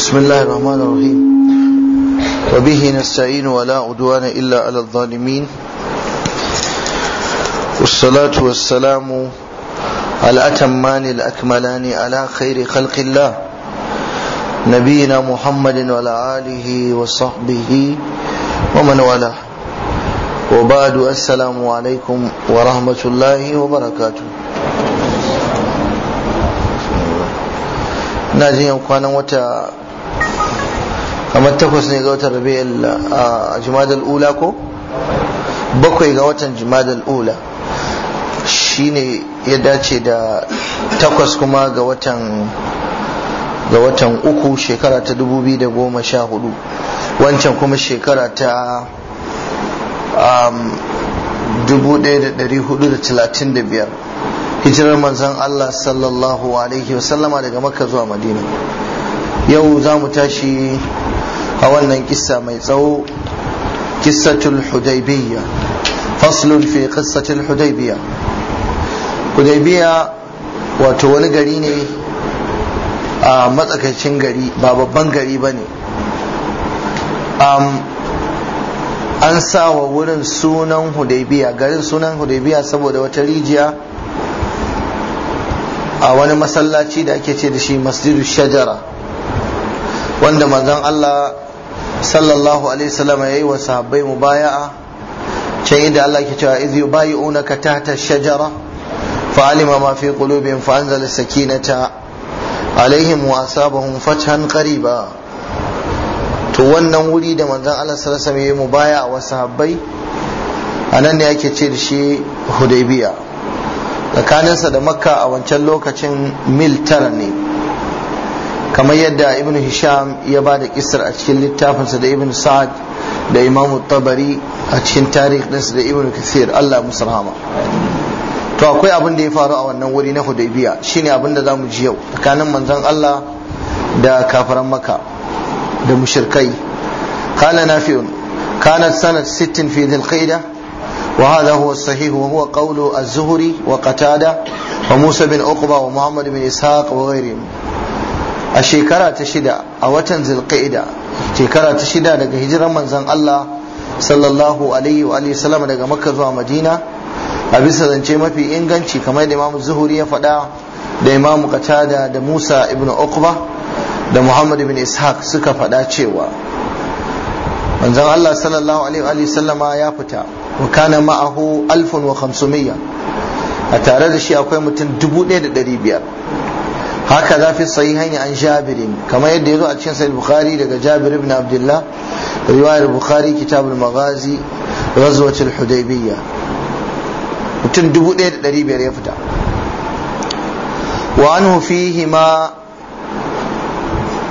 بسم الله الرحمن الرحيم وبه نستعين ولا عدوان إلا على الظالمين والصلاة والسلام الأتمان الأكملان على خير خلق الله نبينا محمد وعلى آله وصحبه ومن والاه وبعد السلام عليكم ورحمة الله وبركاته na jin kwanan wata kamar takwas ne ga watan rabi a jimadar ula ko bakwai ga watan jimadar ula ne ya dace da takwas kuma ga watan ga watan uku shekara ta dubu biyu da goma sha hudu wancan kuma shekara ta um, dubu ɗaya da ɗari hudu da talatin da biyar hijirar manzon Allah sallallahu alaihi wasallama daga makka zuwa madina yau za mu tashi a wannan kissa mai tsawo kissatul hudaybiya faslun fi qissatil hudaybiya hudaybiya wato wani gari ne a matsakaicin gari ba babban gari ba ne an sa wa wurin sunan hudaybiya garin sunan hudaybiya saboda wata rijiya a wani masallaci da ake ce da shi masjidu shajara wanda manzon Allah sallallahu alaihi wasallam yayi wa sahabbai mubaya'a can inda Allah ke cewa idh yubayi'unaka tahta shajara fa alima ma fi qulubihim fa anzala sakinata alaihim wa asabahum fathan qariba to wannan wuri da manzon Allah sallallahu alaihi wasallam yayi mubaya'a wa sahabbai anan ne ake ce da shi Hudaybiya tsakaninsa da Makka a wancan lokacin mil tara ne kamar yadda ibn hisham ya ba da kisar a cikin littafinsa da ibn sa'ad da imamu tabari a cikin tarih ɗinsa da ibn kasir allah musu rahama to akwai abin da ya faru a wannan wuri na hudaybiya shine abin da zamu ji yau tsakanin manzon allah da kafiran maka da mushrikai kana nafi'un كانت سنة ست في wa القيدة وهذا هو الصحيح وهو قول الزهري musa وموسى بن wa ومحمد بن إسحاق وغيرهم a shekara ta shida a watan zilqaida shekara ta shida daga hijiran manzon Allah sallallahu alaihi wa alihi sallam daga makka zuwa madina a bisa zance mafi inganci kamar da imamu zuhuri ya faɗa da imamu qatada da musa ibn uqba da muhammad ibn ishaq suka faɗa cewa manzon Allah sallallahu alaihi wa alihi sallama ya fita wa kana ma'ahu 1500 a tare da shi akwai mutum 1500 haka za fi hanya an jabirin kamar yadda ya zo a cikin sahih bukari daga jabir ibn abdullah riwayar bukari kitabul magazi ghazwatul hudaybiyya mutum 1500 ya fita wa anhu fihi ma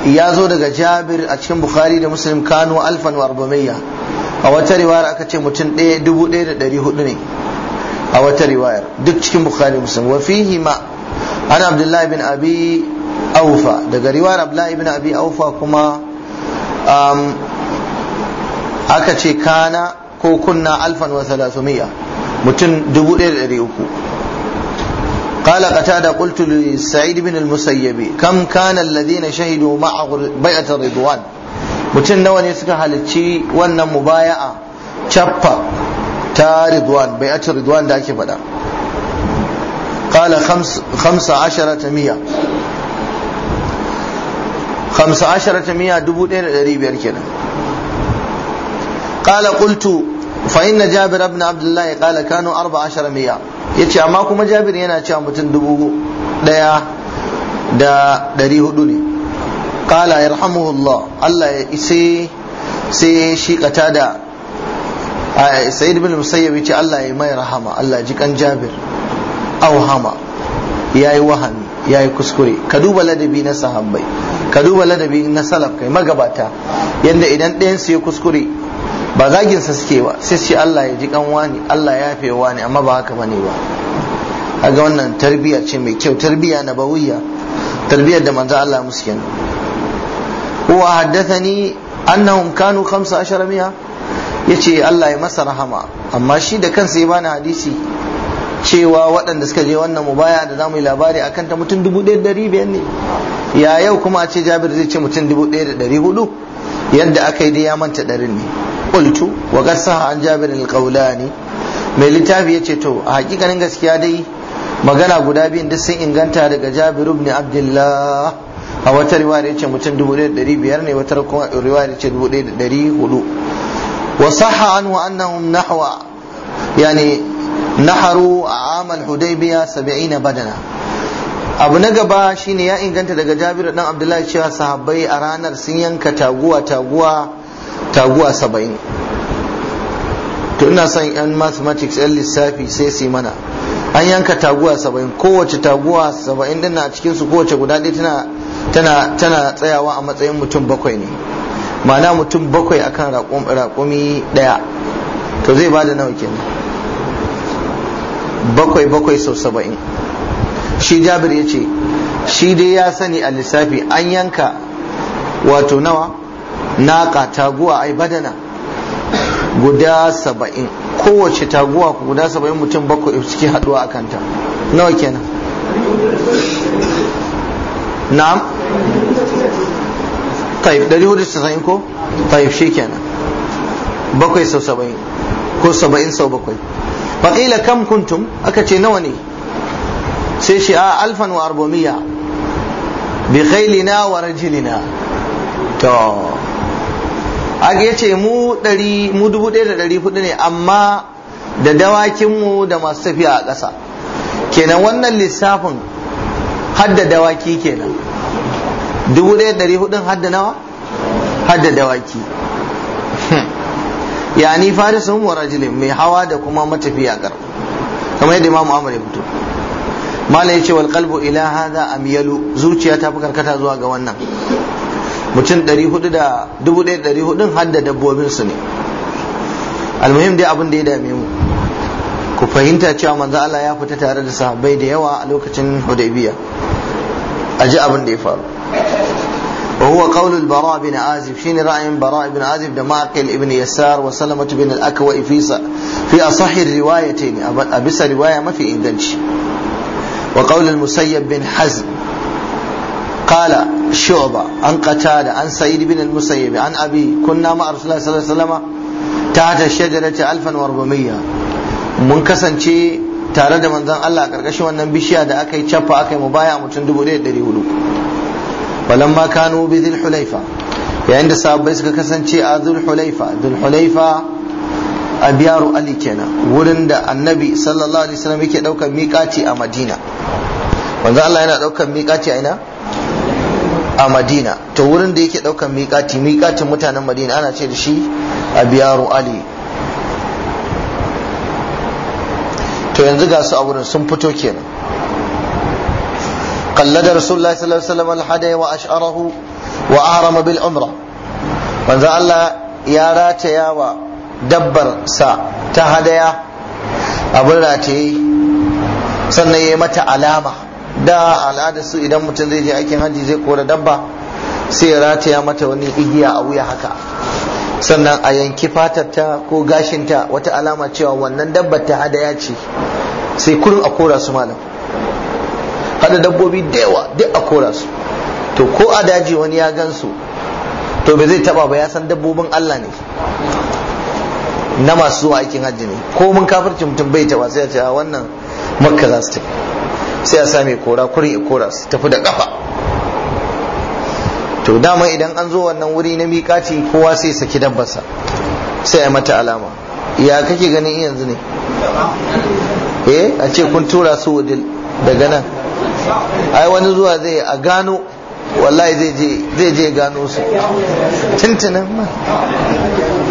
ya zo daga jabir a cikin bukari da muslim kanu alfan wa arba'iyya a wata riwayar aka ce mutum 1400 ne a wata riwayar duk cikin bukari muslim wa fihi ma ana abdullahi bin abi aufa daga riwayar abdullahi bin abi aufa kuma um, aka ce kana ko kunna alfan wa salasumiyya mutum dubu ɗaya da ɗari uku قال قتادة قلت لسعيد بن المسيب كم كان الذين شهدوا معه بيعة الرضوان mutum nawa ne suka halicci wannan mubaya'a cappa ta ridwan bai'atul ridwan da ake faɗa قال خمس خمس عشرة مية خمس عشرة مية دبودين قريب يركنا قال قلت فإن جابر بن عبد الله قال كانوا أربع عشرة مية يتشع أما كما جابر ينا تشام بتندبوه ديا دا دريه دوني قال يرحمه الله الله يسي سي شي قتادا سيد بن المسيب يتشع الله ما يرحمه الله يجيك أن جابر auhama ya yi wahami ya yi kuskure ka duba ladabi na sahabbai ka duba ladabi na salaf kai magabata yadda idan ɗayan su ya kuskure ba sa suke ba sai shi Allah ya ji kan wani Allah ya fi wani amma ba haka bane ba kaga wannan tarbiyya ce mai kyau tarbiyya na bawiya tarbiyyar da manzo Allah musu kenan wa haddathani annahum kanu 15 mi'a yace Allah ya masa rahama amma shi da kansa ya bani hadisi cewa waɗanda suka je wannan mubaya da zamu yi labari akan ta mutum dubu ɗaya da biyar ne ya yau kuma a ce jabir zai ce mutum dubu ɗaya da ɗari hudu yadda aka yi dai ya manta ɗari ne ƙultu wa qasaha an jabir alƙaula ne mai littafi ya ce to a hakikanin gaskiya dai magana guda biyun duk sun inganta daga jabir ibn abdullah a wata riwaya ya ce mutum dubu ɗaya da ɗari biyar ne wata riwaya ya ce dubu ɗaya da ɗari hudu wa sahha anhu annahum nahwa yani naharu a amal hudaybiya 70 badana abu na gaba shine ya inganta daga Jabiru dan abdullahi cewa sahabbai a ranar sun yanka taguwa taguwa taguwa saba'in. to ina son yan mathematics yan lissafi sai su mana an yanka taguwa saba'in kowace taguwa saba'in din na cikin su kowace guda ɗaya tana tana tana tsayawa a matsayin mutum bakwai ne ma'ana mutum bakwai akan raƙumi ɗaya to zai bada nawa kenan bakwai bakwai sau saba'in shi jabir ya ce shi dai ya sani a lissafi an yanka wato nawa naƙa taguwa ai badana guda saba'in kowace taguwa guda saba'in mutum bakwai suke haduwa a kanta nawa kenan na'am taif 490 ko taif shi kenan bakwai sau saba'in ko saba'in sau bakwai faƙila kam kuntum aka ce nawa ne sai shi a alfan wa arbomiya bi khailina wa rajilina to aka ce mu ɗari mu dubu ɗaya da ɗari hudu ne amma da dawakinmu da masu tafiya a ƙasa kenan wannan lissafin hadda dawaki kenan dubu ɗaya da ɗari hudun hadda nawa hadda dawaki yani farisun wa rajulin mai hawa da kuma matafiya gar kamar yadda imamu amr ya fito mala yace wal qalbu ila hadha amyalu zuciya ta fi karkata zuwa ga wannan mutum 400 da 1400 har da dabbobin su ne almuhim dai abin da ya dame mu ku fahimta cewa manzo Allah ya fita tare da sahabbai da yawa a lokacin Hudaybiya aji abin da ya faru وهو قول البراء بن عازب شين رأي براء بن عازب دماقل ابن يسار وسلمة بن الأكوى في في أصح الروايتين أبس رواية ما في إنجنش وقول المسيب بن حزم قال شعبة عن قتادة عن سيد بن المسيب عن أبي كنا مع رسول الله صلى الله عليه وسلم تحت الشجرة 1400 منكسن شيء tare da manzon Allah a ƙarƙashin wannan bishiya da aka yi cappa aka yi mubaya mutum dubu ɗaya ɗari hudu falamma kanu bi dhil hulaifa yayin da sahabbai suka kasance a dhul hulaifa dhul hulaifa a biyaru ali kenan wurin da annabi sallallahu alaihi wasallam yake daukar miƙaci a madina manzo Allah yana daukar miƙaci a ina a madina to wurin da yake daukar miƙaci miƙacin mutanen madina ana ce da shi a ali to yanzu ga su a wurin sun fito kenan قلد رسول الله صلى الله عليه وسلم الحدي وأشعره وأهرم Allah ya rataya wa dabbar sa ta hadaya abin rataye sannan ya mata alama da al'adar su idan mutum zai je aikin hajji zai kora dabba sai ya rataya mata wani igiya a wuya haka sannan a yanki ta ko gashinta wata alama cewa wannan dabbar ta hadaya ce sai kurin a kora su malam hada dabbobi da yawa duk a kora su to ko a daji wani ya gan su to bai zai taba ba ya san dabbobin Allah ne na masu zuwa aikin hajji ne ko mun kafirci mutum bai taba sai ya ce ah, wannan makka za su sai ya kora kuri ya kora su tafi da kafa to dama idan an zo wannan wuri na miƙaci kowa sai saki dabbarsa sai ya mata alama ya kake ganin yanzu ne eh a ce kun tura su wudil daga nan ai wani zuwa zai a gano wallahi zai je gano su tuntunan ma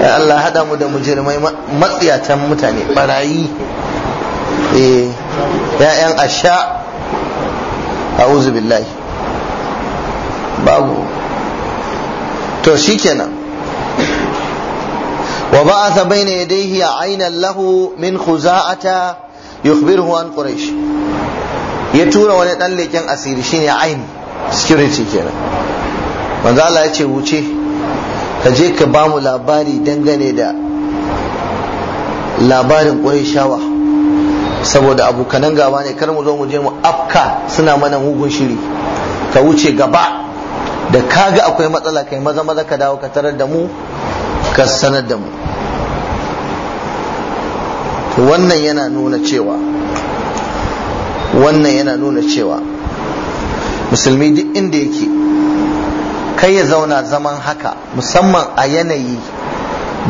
ya Allah hada mu da mujirmai matsiyatan mutane barayi eh ya'yan asha a'udhu billahi babu to shikenan wa ba'atha bayna yadayhi aynan lahu min khuza'ata yukhbiruhu an quraish ya tura wani dan leken asiri shine ain security kenan manzo Allah ya ce wuce ka je ka ba mu labari dangane da labarin shawa saboda abokanan gaba ne kar mu zo mu je mu afka suna mana mugun shiri ka wuce gaba da kaga akwai matsala kai maza maza ka dawo ka tarar da mu ka sanar da mu wannan yana nuna cewa wannan yana nuna cewa musulmi duk inda yake kai ya zauna zaman haka musamman a yanayi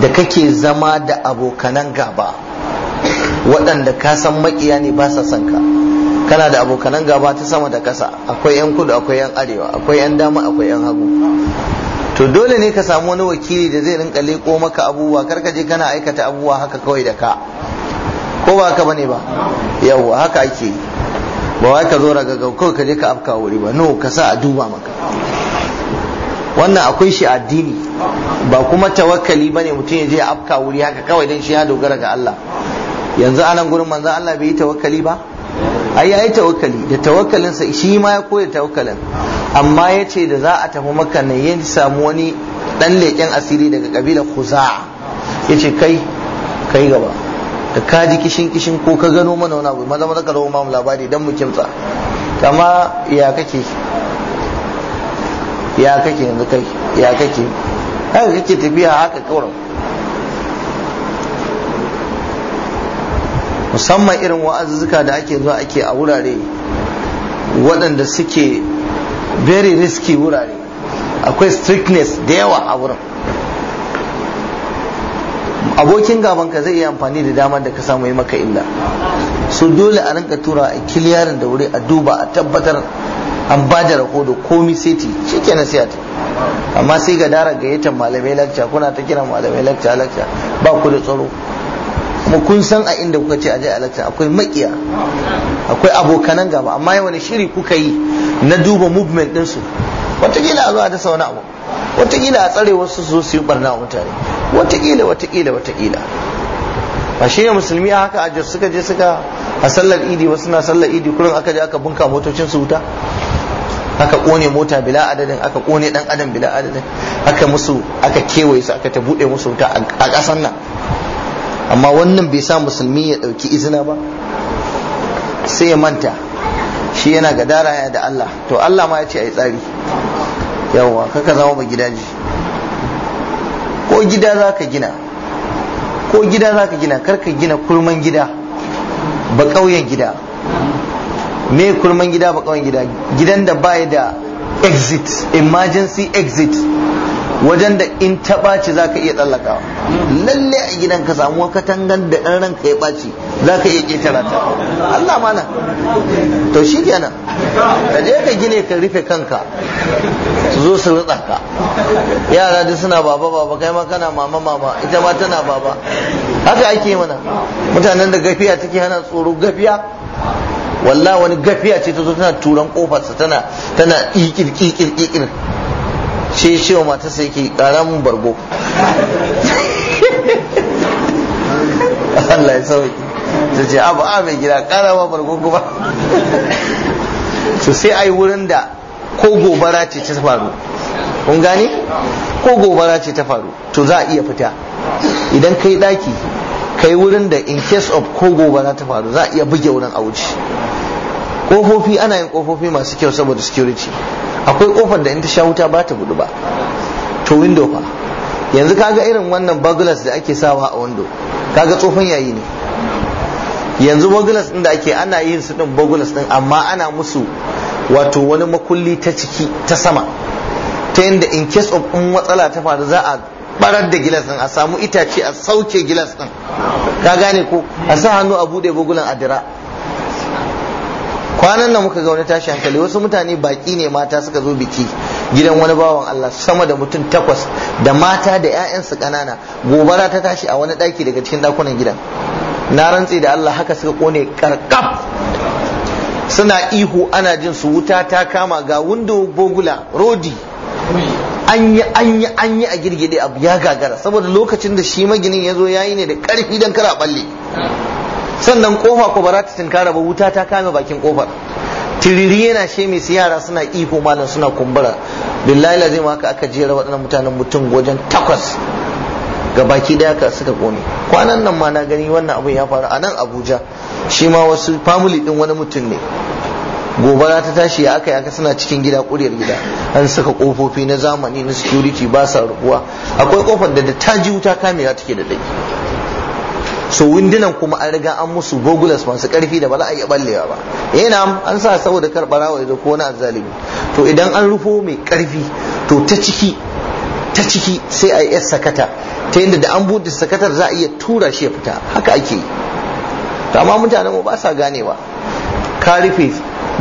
da kake zama da abokanan gaba waɗanda ka san makiya ne ba sa son ka kana da abokanan gaba ta sama da ƙasa akwai 'yan kudu akwai 'yan arewa akwai 'yan dama akwai 'yan hagu to dole ne ka samu wani wakili da zai rinka leƙo maka abubuwa karka je kana aikata abubuwa haka kawai da ka ko ba haka bane ba yawwa haka ake yi ba wai ka zo raga ga kawai ka je ka afka wuri ba no ka sa a duba maka wannan akwai shi addini ba kuma tawakkali ne mutum ya je afka wuri haka kawai don shi ya dogara ga Allah yanzu anan gurin manzan Allah bai yi tawakali ba ai yayi tawakali, da sa shi ma ya koya tawakkalin amma ya ce da za a tafi maka ne ya samu wani ɗan leƙen asiri daga kabilar khuza'a ya ce kai kai gaba ka ji kishin kishin ko ka gano mana wani abu maza maza ka rawo mamu labari dan mu kimtsa kama ya kake ya kake yanzu kai ya kake haka kake tafiya haka kawai musamman irin wa'azuzzuka da ake zuwa ake a wurare waɗanda suke very risky wurare akwai strictness da yawa a wurin abokin gaban ka zai iya amfani da damar da ka samu yi maka illa su dole a rinka tura a kiliyarin da wuri a duba a tabbatar an ba da da komi seti cike na a amma sai ga dara gayyatar malamai lakca kuna ta kiran malamai lakca lakca ba ku da tsaro kuma kun san a inda kuka ce aje a lakca akwai makiya akwai abokanan gaba amma yawan shiri kuka yi na duba movement ɗinsu wataƙila a zuwa da sauna abu watakila a tsare wasu zo su yi barna wa mutane wataƙila wataƙila wataƙila ba shi ne musulmi haka a suka je suka a sallar idi wasu na sallar idi kurin aka je aka bunka motocin su wuta aka kone mota bila adadin aka kone dan adam bila adadin aka musu aka kewaye su aka ta bude musu wuta a ƙasan nan amma wannan bai sa musulmi ya ɗauki izina ba sai ya manta shi yana gadara ya da Allah to Allah ma ya ce a yi tsari yawwa kaka zama ba gidaje ko gida za ka gina ko gida za ka gina karka gina kurman gida ba ƙauyen gida me kurman gida ba ƙauyen gida gidan da baya da exit emergency exit wajen da in ta ɓaci za ka iya tsallakawa lalle a gidan ka samu katangan da ɗan ranka ya ɓaci za ka iya ƙetara ta Allah mana to shi kenan ka je ka gine ka rufe kanka su zo su rutsa ka yara da suna baba baba kai ma kana mama mama ita ma tana baba haka ake mana mutanen da gafiya take hana tsoro gafiya wallah wani gafiya ce ta zo tana turan kofarsa tana tana shi shi wa sai yake ƙara mun bargo Allah ya sauki ta ce abu a mai gida ƙara ma bargo kuma Su sai yi wurin da ko gobara ce ta faru kun gane ko gobara ce ta faru to za a iya fita idan kai daki kai wurin da in case of ko gobara ta faru za a iya buge wurin a wuce kofofi ana yin kofofi masu kyau saboda security akwai kofar da in ta sha wuta ba ta gudu ba to window fa yanzu kaga irin wannan baglas da ake sawa a window kaga tsofon yayi ne yanzu baglas din da ake ana yin su din baglas din amma ana musu wato wani makulli ta ciki ta sama ta yadda in case of in matsala ta faru za a barar da gilas din a samu itace a sauke gilas din ka gane ko a sa hannu a bude bugulan a dira kwanan nan muka ga wani tashi hankali wasu mutane baki ne mata suka zo biki gidan wani bawan Allah sama da mutum takwas da mata da 'ya'yansu ƙanana gobara ta tashi a wani ɗaki daga cikin ɗakunan gidan na rantse da Allah haka suka kone karkaf suna ihu ana jin su wuta ta kama ga windo bogula rodi anyi anyi anyi a girgide abu ya gagara saboda lokacin da shi maginin ya zo ya ne da ƙarfi don kara balle sannan kofa ko ba za ta tinkara ba wuta ta kame bakin kofar tiriri yana she mai yara suna iko malam suna kumbura billahi lazim haka aka jera waɗannan mutanen mutum wajen takwas ga baki daya ka suka kone kwanan nan ma na gani wannan abin ya faru a nan abuja shi ma wasu family din wani mutum ne gobara ta tashi ya aka aka suna cikin gida kuryar gida an saka ƙofofi na zamani na security ba sa rubuwa akwai ƙofar da ta ji wuta kamewa take da dai so windunan kuma an riga an musu gogulas masu karfi da ba za a iya ballewa ba yana eh, an sa saboda karbara wa ko na azzalimi to idan an rufo mai karfi to ta ciki ta ciki sai a yi sakata ta yadda da an buɗe sakatar za a iya tura shi ya fita haka ake yi to amma mutanen mu ba sa ganewa ka rufe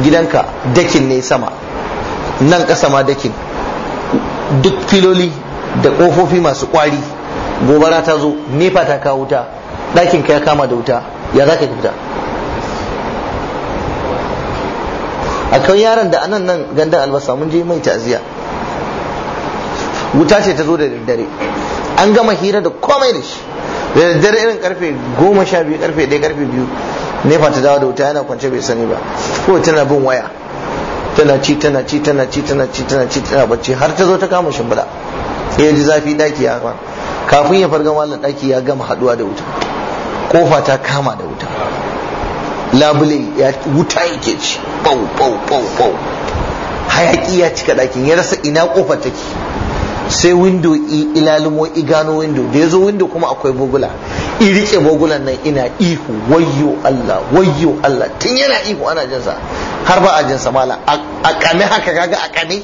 gidanka dakin ne sama nan ƙasa ma dakin duk filoli da kofofi masu kwari gobara ta zo nefa ta kawo ta ɗakin ka ya kama da wuta ya za ka fita akwai yaron da anan nan gandar albasa mun je mai ta'aziya wuta ce ta zo da daddare an gama hira da komai da shi da daddare irin karfe goma sha biyu karfe ɗaya karfe biyu nefa ta dawo da wuta yana kwance bai sani ba ko tana bin waya tana ci tana ci tana ci tana ci tana ci tana bacci har ta zo ta kama shimbiɗa ya ji zafi daki ya kwana kafin ya farga malam daki ya gama haɗuwa da wuta kofa ta kama da wuta labule ya wuta yake ci bau bau bau bau hayaki ya cika ɗakin ya rasa ina kofar take sai windo ilalimo igano windo da yazo zo windo kuma akwai bugula i rike bugulan nan ina ihu wayyo Allah wayyo Allah tun yana ihu ana jinsa har ba a jinsa mala a kame haka kaga a kame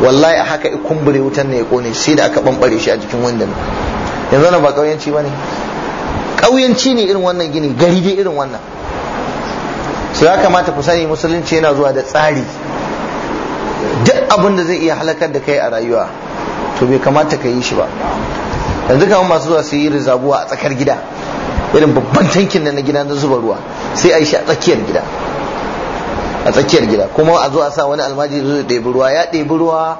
wallahi a haka kumbure wutan ne ya kone sai da aka bambare shi a jikin wanda ne yanzu na ba kauyanci ba ne kauyanci ne irin wannan gini gari dai irin wannan su ya kamata ku sani musulunci yana zuwa da tsari duk abin da zai iya halakar da kai a rayuwa to bai kamata ka yi shi ba yanzu kamar masu zuwa su yi rizabuwa a tsakar gida irin babban tankin da na gida na zuba ruwa sai a yi shi a tsakiyar gida a tsakiyar gida kuma a zo a sa wani almajiri zo ɗebi ruwa ya ɗebi ruwa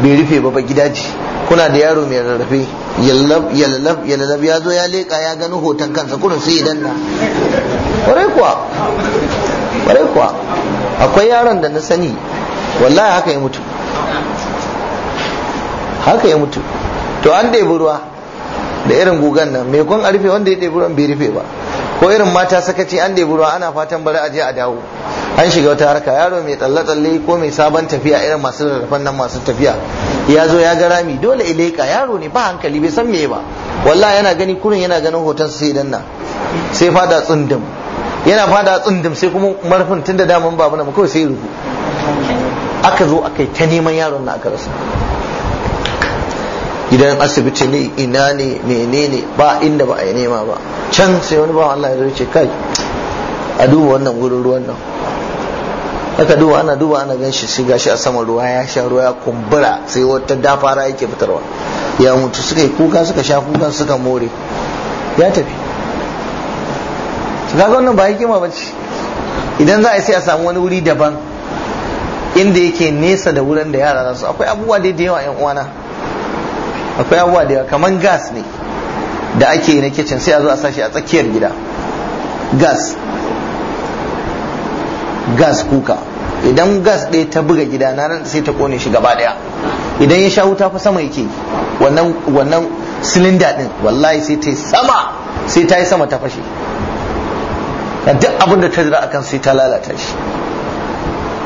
bai rufe ba ba gida ce kuna da yaro mai rarrafe yalab yalab ya zo ya leƙa ya gani hoton kansa kurin sai idan na ƙwarai kuwa ƙwarai kuwa akwai yaron da na sani wallahi haka ya mutu haka ya mutu to an ɗebi ruwa da irin gugan nan me kun a wanda ya ɗebi ruwan bai rufe ba ko irin mata sakaci an ɗebi ruwa ana fatan bari a je a dawo an shiga wata harka yaro mai tsalle tsalle ko mai sabon tafiya irin masu rarrafan nan masu tafiya ya zo ya ga rami dole ileka yaro ne ba hankali bai san meye ba walla yana gani kurin yana ganin hoton su sai danna nan sai fada tsundum yana fada tsundum sai kuma marfin tunda daman babu na kawai sai rubu aka zo aka yi ta neman yaron na aka rasa gidan asibiti ne ina ne menene ba inda ba a yi nema ba can sai wani bawan Allah ya ce kai a duba wannan gurin ruwan nan aka duba ana duba ana gan shi sai gashi a saman ruwa ya sha ruwa ya kumbura sai wata dafara yake fitarwa ya mutu suka yi kuka suka sha kuka suka more ya tafi ga wannan ba hikima ba ce idan za a yi sai a samu wani wuri daban inda yake nesa da wurin da yara za su akwai abubuwa dai da yawa yan uwana akwai abubuwa da kamar gas ne da ake yi na kicin sai a zo a sashi a tsakiyar gida gas gas kuka idan gas ɗaya ta buga gida na nan sai ta kone shi gaba ɗaya idan ya sha wuta fa sama yake wannan wannan silinda ɗin wallahi sai ta yi sama sai ta yi sama ta fashe duk abin da ta jira akan sai ta lalata shi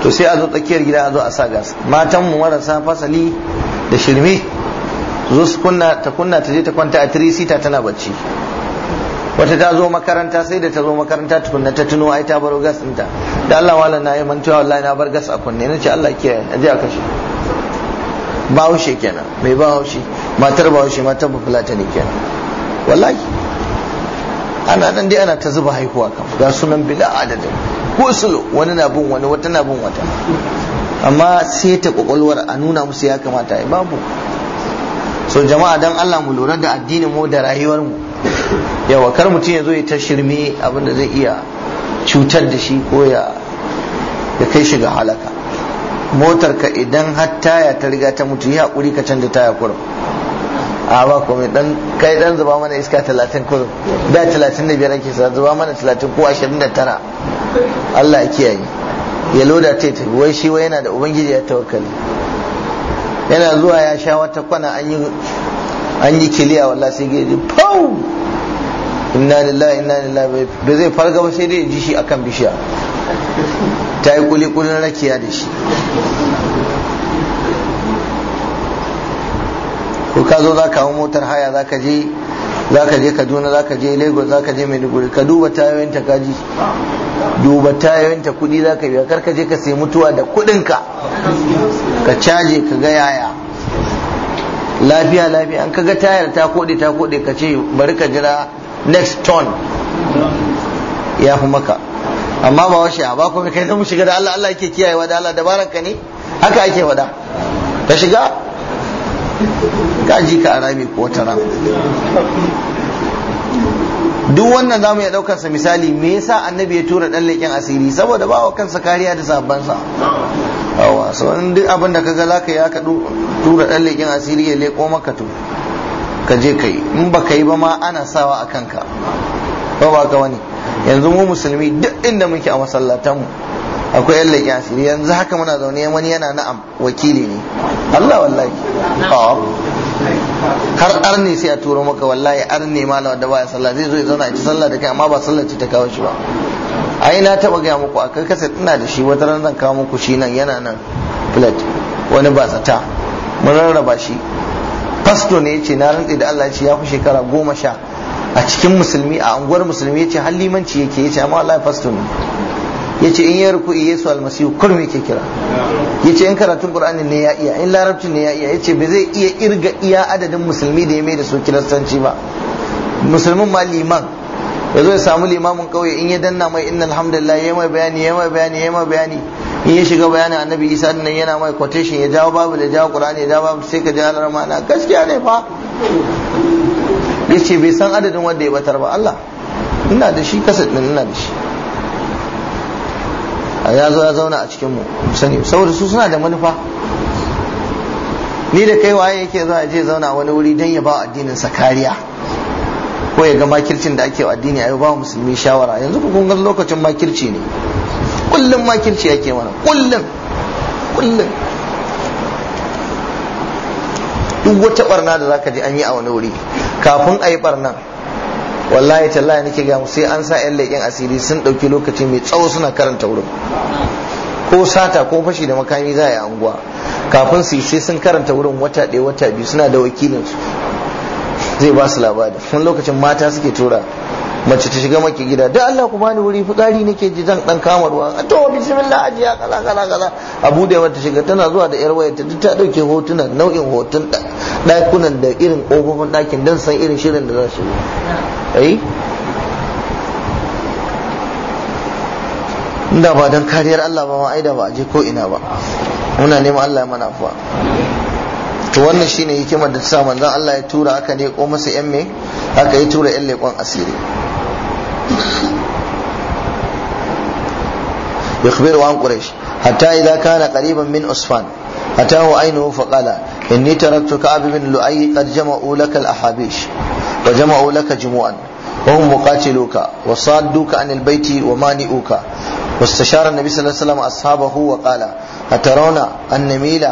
to sai a zo tsakiyar gida a zo a sa gas matan mu marasa fasali da shirme zo su kunna ta kunna ta je ta kwanta a sita tana bacci wata ta zo makaranta sai da ta zo makaranta tukunna ta tuno ai ta baro gas ɗinta da Allah wala na yi mantuwa wallahi na bar gas a kunne ce Allah kiyaye a je a kashe bahaushe kenan mai bahaushe matar bahaushe matar ta ne kenan wallahi ana nan dai ana ta zuba haihuwa kam ga sunan bila adadin sulu wani na bin wani wata na bin wata amma sai ta kwakwalwar a nuna musu ya kamata ai babu so jama'a dan Allah mu lura da addinin mu da rayuwar mu yawa kar mutum ya zo ya ta shirme abinda zai iya cutar da shi ko ya ya kai shi ga halaka motar ka idan har taya ta riga ta mutu ya hakuri ka canza taya kurum a ba komai dan kai dan zuba mana iska 30 kurum da 35 ake sa zuba mana 30 ko 29 Allah ya kiyaye ya loda ta tafi wai shi wai yana da ubangiji ya tawakkali yana zuwa ya sha wata kwana an yi kiliya wallah sai ga ji pau inna lillahi inna lillahi ba zai farga ba sai dai ji shi akan bishiya ta yi kuli kulin rakiya da shi ko ka zo za ka hau motar haya za ka je za ka je kaduna za ka je lagos za ka je maiduguri ka duba tayoyinta kaji duba tayoyinta kudi za ka biya kar ka je ka sai mutuwa da kudinka ka caje ka ga yaya lafiya lafiya an kaga tayar ta kode ta kode ka ce bari ka jira next turn ya fi maka amma ba washe a ba kuma kai mu shiga da Allah Allah yake kiyaye da Allah dabaran ka ne haka ake wada ka shiga ka ji ka arami ko wata ran duk wannan zamu ya daukar sa misali me yasa annabi ya tura dan leƙen asiri saboda ba wa kansa kariya da sabbansa yawa so in duk abin da kaga zaka yi aka tura dan lekin asiri ya leko maka to ka je kai in ba ka yi ba ma ana sawa a kanka ba ba ka wani yanzu mu musulmi duk inda muke a masallatan mu akwai yan lekin asiri yanzu haka muna zaune wani yana na'am wakili ne Allah wallahi har arne sai a turo maka wallahi arne malam da baya sallah zai zo ya zauna a ci sallah da kai amma ba sallah ce ta kawo shi ba ai na taba gaya muku a kai kasa ina da shi wata ran zan kawo muku shi nan yana nan plate wani ba zata mun rarraba shi pasto ne yace na rantsi da Allah ya ce ya fi shekara goma sha a cikin musulmi a unguwar musulmi yace har limanci yake yace amma wallahi pasto ne yace in ya ruku'i Yesu almasihu kurmi ke kira yace in karatun Qur'ani ne ya iya in larabci ne ya iya yace ba zai iya irga iya adadin musulmi da ya mai da su kiristanci ba musulmin ma liman yanzu ya samu limamin kauye in ya danna mai inna alhamdulillah ya mai bayani ya mai bayani ya mai bayani in ya shiga bayanin annabi isa nan yana mai quotation ya jawo babu da jawo qur'ani ya jawo babu sai ka jawo alarma na gaskiya ne fa yace bai san adadin wanda ya batar ba Allah ina da shi kasat din ina da shi a ya zo ya zauna a cikin mu sani saboda su suna da manufa ni da kai waye yake zuwa je zauna wani wuri don ya ba addinin sa kariya ko ya ga makircin da ake wa addini ayo ba musulmi shawara yanzu ku kun ga lokacin makirci ne kullum makirci yake mana kullum kullum duk wata barna da zaka ji an yi a wani wuri kafin a yi barnan wallahi tallahi nake ga mu sai an sa yan leƙen asiri sun ɗauki lokaci mai tsawo suna karanta wurin ko sata ko fashi da makami za a yi anguwa kafin su sai sun karanta wurin wata ɗaya wata biyu suna da wakilinsu zai ba su labari wani lokacin mata suke tura mace ta shiga maki gida da Allah ku bani wuri fitsari nake ji zan dan kama ruwa to bismillah ajiya kala kala kala abu da wata shiga tana zuwa da yar wayarta duk ta dauke hotunan nau'in hotun dakunan da irin kofofin dakin dan san irin shirin da za su yi eh? inda ba dan kariyar Allah ba ma aida ba a je ko ina ba muna neman Allah ya mana afuwa to wannan shine hikimar da sa manzon Allah ya tura aka ne ko masa yan me aka yi tura yan leƙon asiri يخبر عن قريش حتى إذا كان قريبا من أصفان أتاه عينه فقال إني تركت كعب بن لؤي قد جمعوا لك الأحابيش وجمعوا لك جموعا وهم مقاتلوك وصادوك عن البيت ومانئوك واستشار النبي صلى الله عليه وسلم أصحابه وقال أترون أن نميل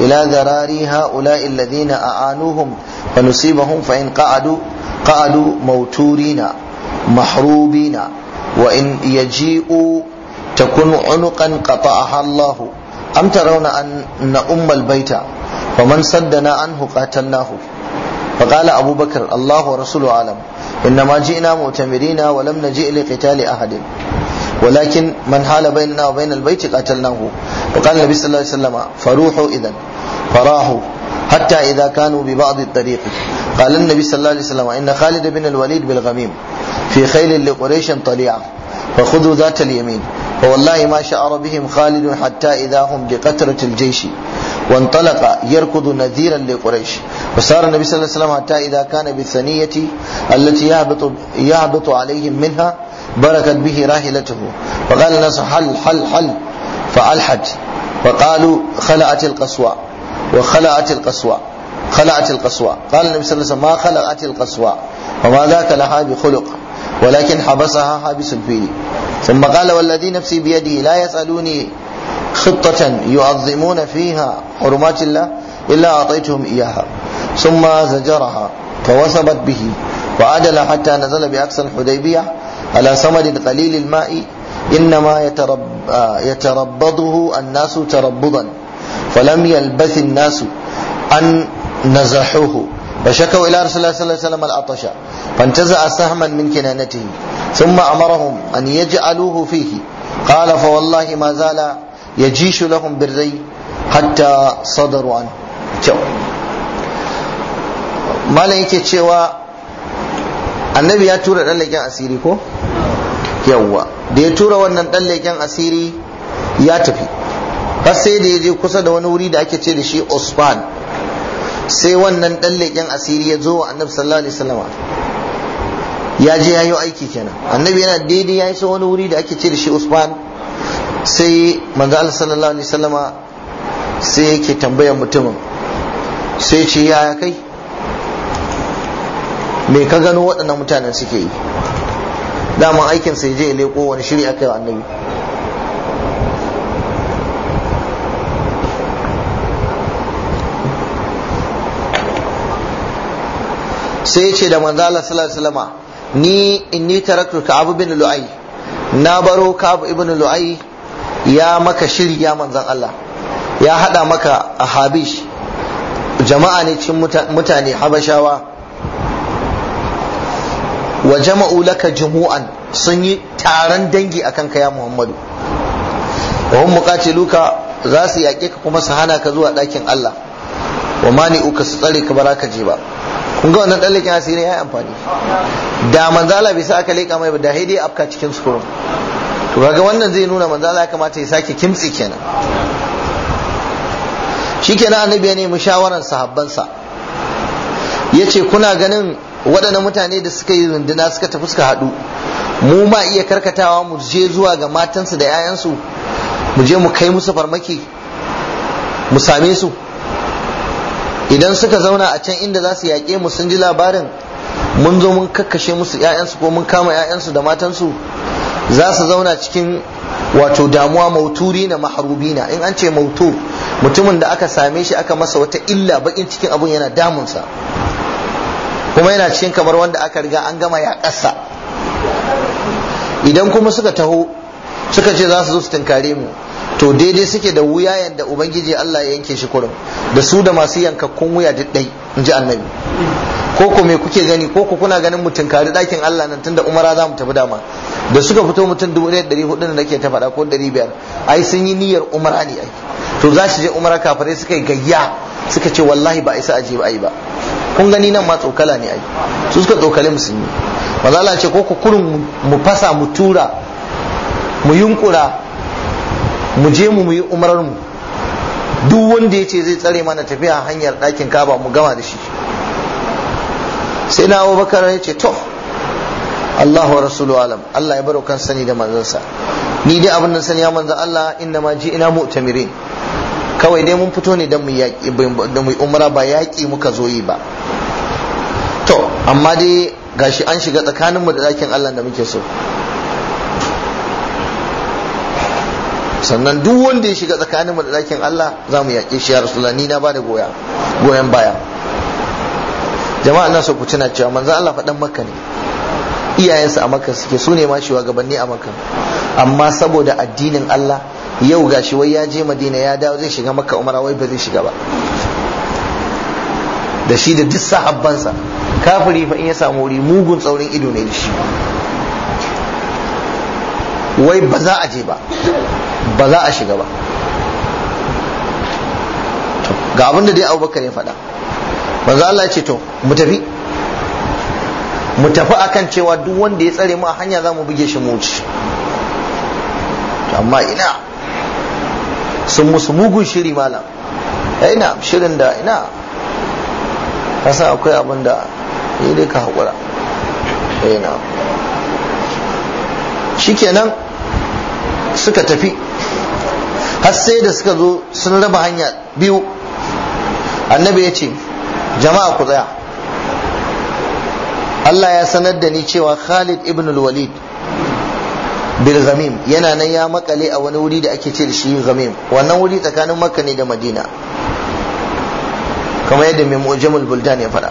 إلى ذراري هؤلاء الذين أعانوهم ونصيبهم فإن قعدوا قعدوا موتورين محروبين وإن يجيئوا تكون عنقا قطعها الله أم ترون أن أم البيت ومن صدنا عنه قاتلناه فقال أبو بكر الله ورسوله أعلم إنما جئنا مؤتمرين ولم نجئ لقتال أحد ولكن من حال بيننا وبين البيت قتلناه وقال النبي صلى الله عليه وسلم فروحوا إذا فراحوا حتى إذا كانوا ببعض الطريق قال النبي صلى الله عليه وسلم إن خالد بن الوليد بالغميم في خيل لقريش طليعة فخذوا ذات اليمين فوالله ما شعر بهم خالد حتى إذا هم بقترة الجيش وانطلق يركض نذيرا لقريش وسار النبي صلى الله عليه وسلم حتى إذا كان بالثنية التي يهبط, يهبط عليهم منها بركت به راحلته فقال الناس حل حل حل فألحت فقالوا خلعت القسوة وخلعت القسوة خلعت القسوة قال النبي صلى الله عليه وسلم ما خلعت القسوة وما ذاك لها بخلق ولكن حبسها حابس الفيل ثم قال والذي نفسي بيده لا يسألوني خطة يعظمون فيها حرمات الله إلا أعطيتهم إياها ثم زجرها فوثبت به وعدل حتى نزل بأقصى الحديبية ala samadi da qalilil ma'i innama yatarabbaduhu an-nasu tarabbudan falam yalbath an-nasu an nazahuhu فشكوا إلى رسول الله صلى الله عليه وسلم العطش فانتزع سهما من كنانته ثم أمرهم أن يجعلوه فيه قال فوالله ما زال يجيش لهم بالري حتى صدروا عنه ما لا يكي annabi ya tura dan leken asiri ko yawwa da ya tura wannan dan leken asiri ya tafi har sai da ya je kusa da wani wuri da ake ce da shi Usman sai wannan dan leken asiri ya zo wa annabi sallallahu alaihi wasallam ya je ya yi aiki kenan annabi yana daidai ya isa wani wuri da ake ce da shi Usman sai manzo Allah sallallahu alaihi wasallama sai yake tambayar mutumin sai ce yaya kai me ka gano waɗannan mutanen suke yi dama aikin sai je leko wani shiri aka yi annabi sai ce da manzala sallallahu alaihi ni inni taraktu Abu bin Lu'a'i? na baro abu ibn Lu'a'i ya maka shiri ya manzan Allah ya hada maka a habish jama'a ne cikin mutane habashawa wa jama'u laka jumu'an sun yi taron dangi akan ka ya Muhammadu wa hum Luka za su yaƙe ka kuma su hana ka zuwa ɗakin Allah wa mani uka su tsare ka bara ka je ba kun ga wannan ɗallakin asiri ya yi amfani da manzala bai sa aka leƙa mai ba da haidai afka cikin sukurin to kaga wannan zai nuna manzala ya kamata ya sake kimtsi kenan shikenan annabi ya nemi shawaran sahabbansa yace kuna ganin waɗannan mutane da suka yi runduna suka tafi suka haɗu mu ma iya karkatawa mu je zuwa ga matansu da 'ya'yansu mu je mu kai musu farmaki mu same su idan suka zauna a can inda za su yaƙe mu sun ji labarin mun zo mun kakkashe musu 'ya'yansu ko mun kama 'ya'yansu da matansu za su zauna cikin wato damuwa mauturi na maharubina in an ce mautu, mutumin da aka same shi aka masa wata illa bakin cikin abun yana damunsa kuma yana cikin kamar wanda aka riga an gama ya ƙasa idan kuma suka taho suka ce za su zo su tunkare mu to daidai suke da wuya yadda ubangiji Allah ya yanke shi kurum da su da masu yankakkun wuya duk ɗai in ji annabi ko ku me kuke gani ko ku kuna ganin mu kari dakin Allah nan tunda umara za mu tafi dama da suka fito mutum dubu ɗaya ɗari hudu da nake ta faɗa ko ɗari biyar ai sun yi niyyar umara ne ai to za su je umara kafare suka yi gayya suka ce wallahi ba a isa aje ba ai ba kun gani nan ma tsokala ne ai su suka tsokale musulmi maza Allah ce ko ku kurin mu fasa mu tura mu yunkura mu je mu yi umarar mu duk wanda ya ce zai tsare mana tafiya hanyar ɗakin kaba mu gama da shi sai na abu ya ce to Allah wa rasulu alam Allah ya baro kan sani da manzansa ni dai abin da sani ya manzan Allah inna ma ji ina mu'tamirin kawai dai mun fito ne don mu umra ba yaƙi muka zo yi ba to amma dai gashi an shiga tsakaninmu da ɗakin Allah da muke so sannan duk wanda ya shiga tsakaninmu da ɗakin Allah za mu yaƙe shi ya rasula ni na bada goya goyon baya jama'a na so ku tuna cewa manzo Allah faɗan makka ne iyayensa a makka suke su ne ma gabanni a makka amma saboda addinin Allah yau gashi wai ya je madina ya dawo zai shiga makka umara wai ba zai shiga ba da shi da duk sahabbansa kafiri fa in ya samu wuri mugun tsaurin ido ne da shi wai ba za a je ba ba za a shiga ba ga abinda dai abubakar ya faɗa manzo Allah ya ce to mu tafi mu tafi akan cewa duk wanda ya tsare mu a hanya za mu buge shi mu wuce amma ina sun musu mugun shiri malam eh, ina shirin da ina kasa akwai abin da ya dai ka haƙura ina eh, shikenan suka tafi har sai da suka zo sun raba hanya biyu annabi ya ce jama'a ku tsaya Allah ya sanar da ni cewa Khalid ibn al-Walid bil zamim yana nan ya makale a wani wuri da ake ce da shi zamim wannan wuri tsakanin makka ne da madina kamar yadda mai mujamul buldan ya faɗa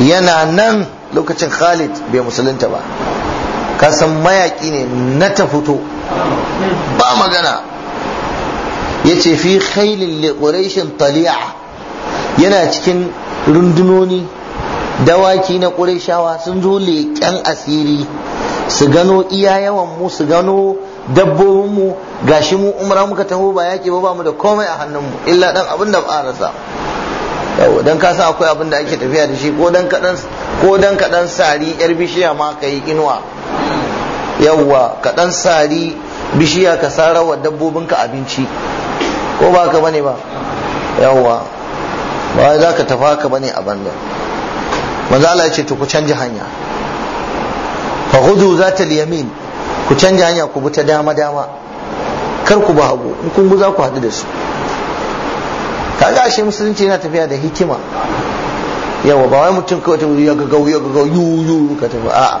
yana nan lokacin khalid bai musulunta ba kasan mayaki ne na ta fito ba magana ya ce fi khailin liƙureshin taliya yana cikin rundunoni dawaki na ƙurashawa sun zo leƙen asiri su gano iya yawan mu su gano dabbobin mu gashi mu umra muka taho ba yaki ba mu da komai a hannun mu illa dan abin da ba rasa yau dan ka san akwai abin da ake tafiya da shi ko dan kadan ko dan kadan sari yar bishiya ma kai inuwa yawa kadan sari bishiya ka sarawa ka abinci ko ba ka bane ba yawa ba za ka tafa ka bane a banda manzo Allah ya ce to ku canja hanya fa hudu za ta liyamin ku canja hanya ku bi ta dama dama kar ku ba hagu in kun guza ku haɗu da su kaga ashe musulunci yana tafiya da hikima yawa ba wai mutum kawai tafi ya gagau ya gagau yu yu ka tafi a'a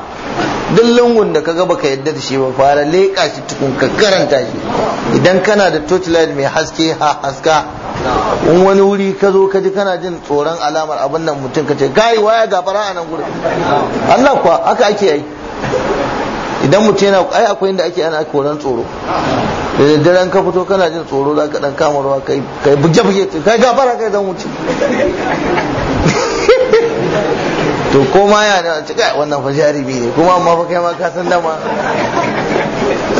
duk lungun da kaga baka yadda da shi ba fara leƙa shi tukun ka karanta shi idan kana da torchlight mai haske ha haska in wani wuri ka zo ka ji kana jin tsoron alamar abin nan mutum ka ce kai waya gafara a nan gurin Allah kuwa haka ake yi idan mutum yana ai akwai inda ake ana koran tsoro da daddaren ka fito kana jin tsoro za ka dan kama ruwa kai kai buje buje kai gafara kai dan wuce to ko ma ya ne cika wannan fa jarimi ne kuma amma fa kai ma ka san dama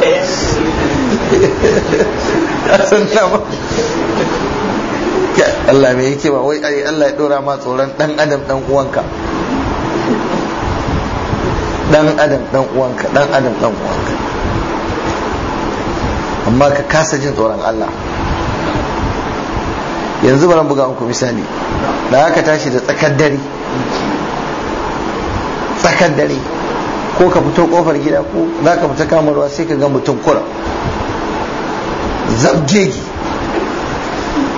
ka san dama Allah me yake ba wai Allah ya dora ma tsoron dan adam dan uwanka dan adam dan uwanka dan adam dan uwanka amma ka kasa jin tsoron Allah yanzu bari buga muku misali da aka tashi da tsakar dare tsakar dare ko ka fito kofar gida ko za ka fita kamarwa sai ka ga mutum kura zabjegi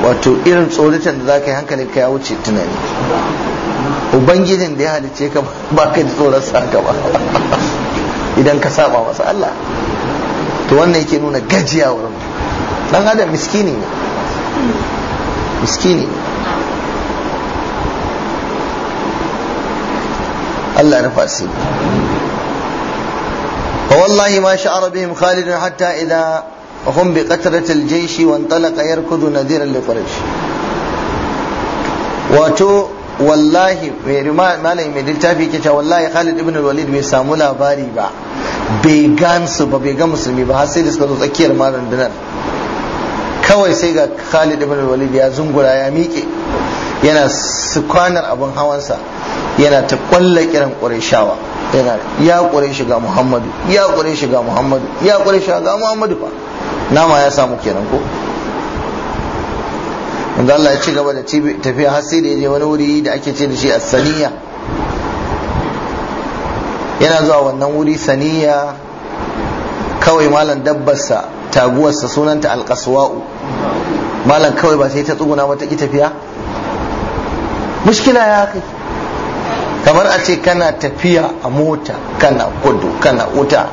wato irin tsoratan da za ka yi hankali ka ya wuce tunani ubangijin da ya halice ka ba ka ji tsoron saka ba idan ka saba masa Allah to wannan yake nuna gajiya wurin dan adam miskini ne miskini Allah ya rufa su fa wallahi ma sha'ara bihim khalid hatta idha hum bi qatrat al-jayshi wa intalaqa yarkudu nadiran li quraish wato wallahi malami mai littafi ke cewa wallahi Khalid ibn Walid bai samu labari ba bai gansu ba bai ga musulmi ba har sai da suka zo tsakiyar dinar kawai sai ga Khalid ibn Walid ya zungura ya miƙe yana kwanar abin hawansa yana ta kwalla kiran ƙurashawa. yana ya ƙureshi ga Muhammadu ya ƙureshi ga Muhammadu ya ƙureshi ga Muhammadu fa nama ya samu kenan ko wanda Allah ya ci gaba da tafiya har sai da ya je wani wuri da ake ce da shi as-saniya yana zuwa wannan wuri saniya kawai malam dabbarsa taguwarsa sunanta alkaswa'u malam kawai ba sai ta tsuguna mata ki tafiya mushkila ya kai kamar a ce kana tafiya a mota kana kudu kana wuta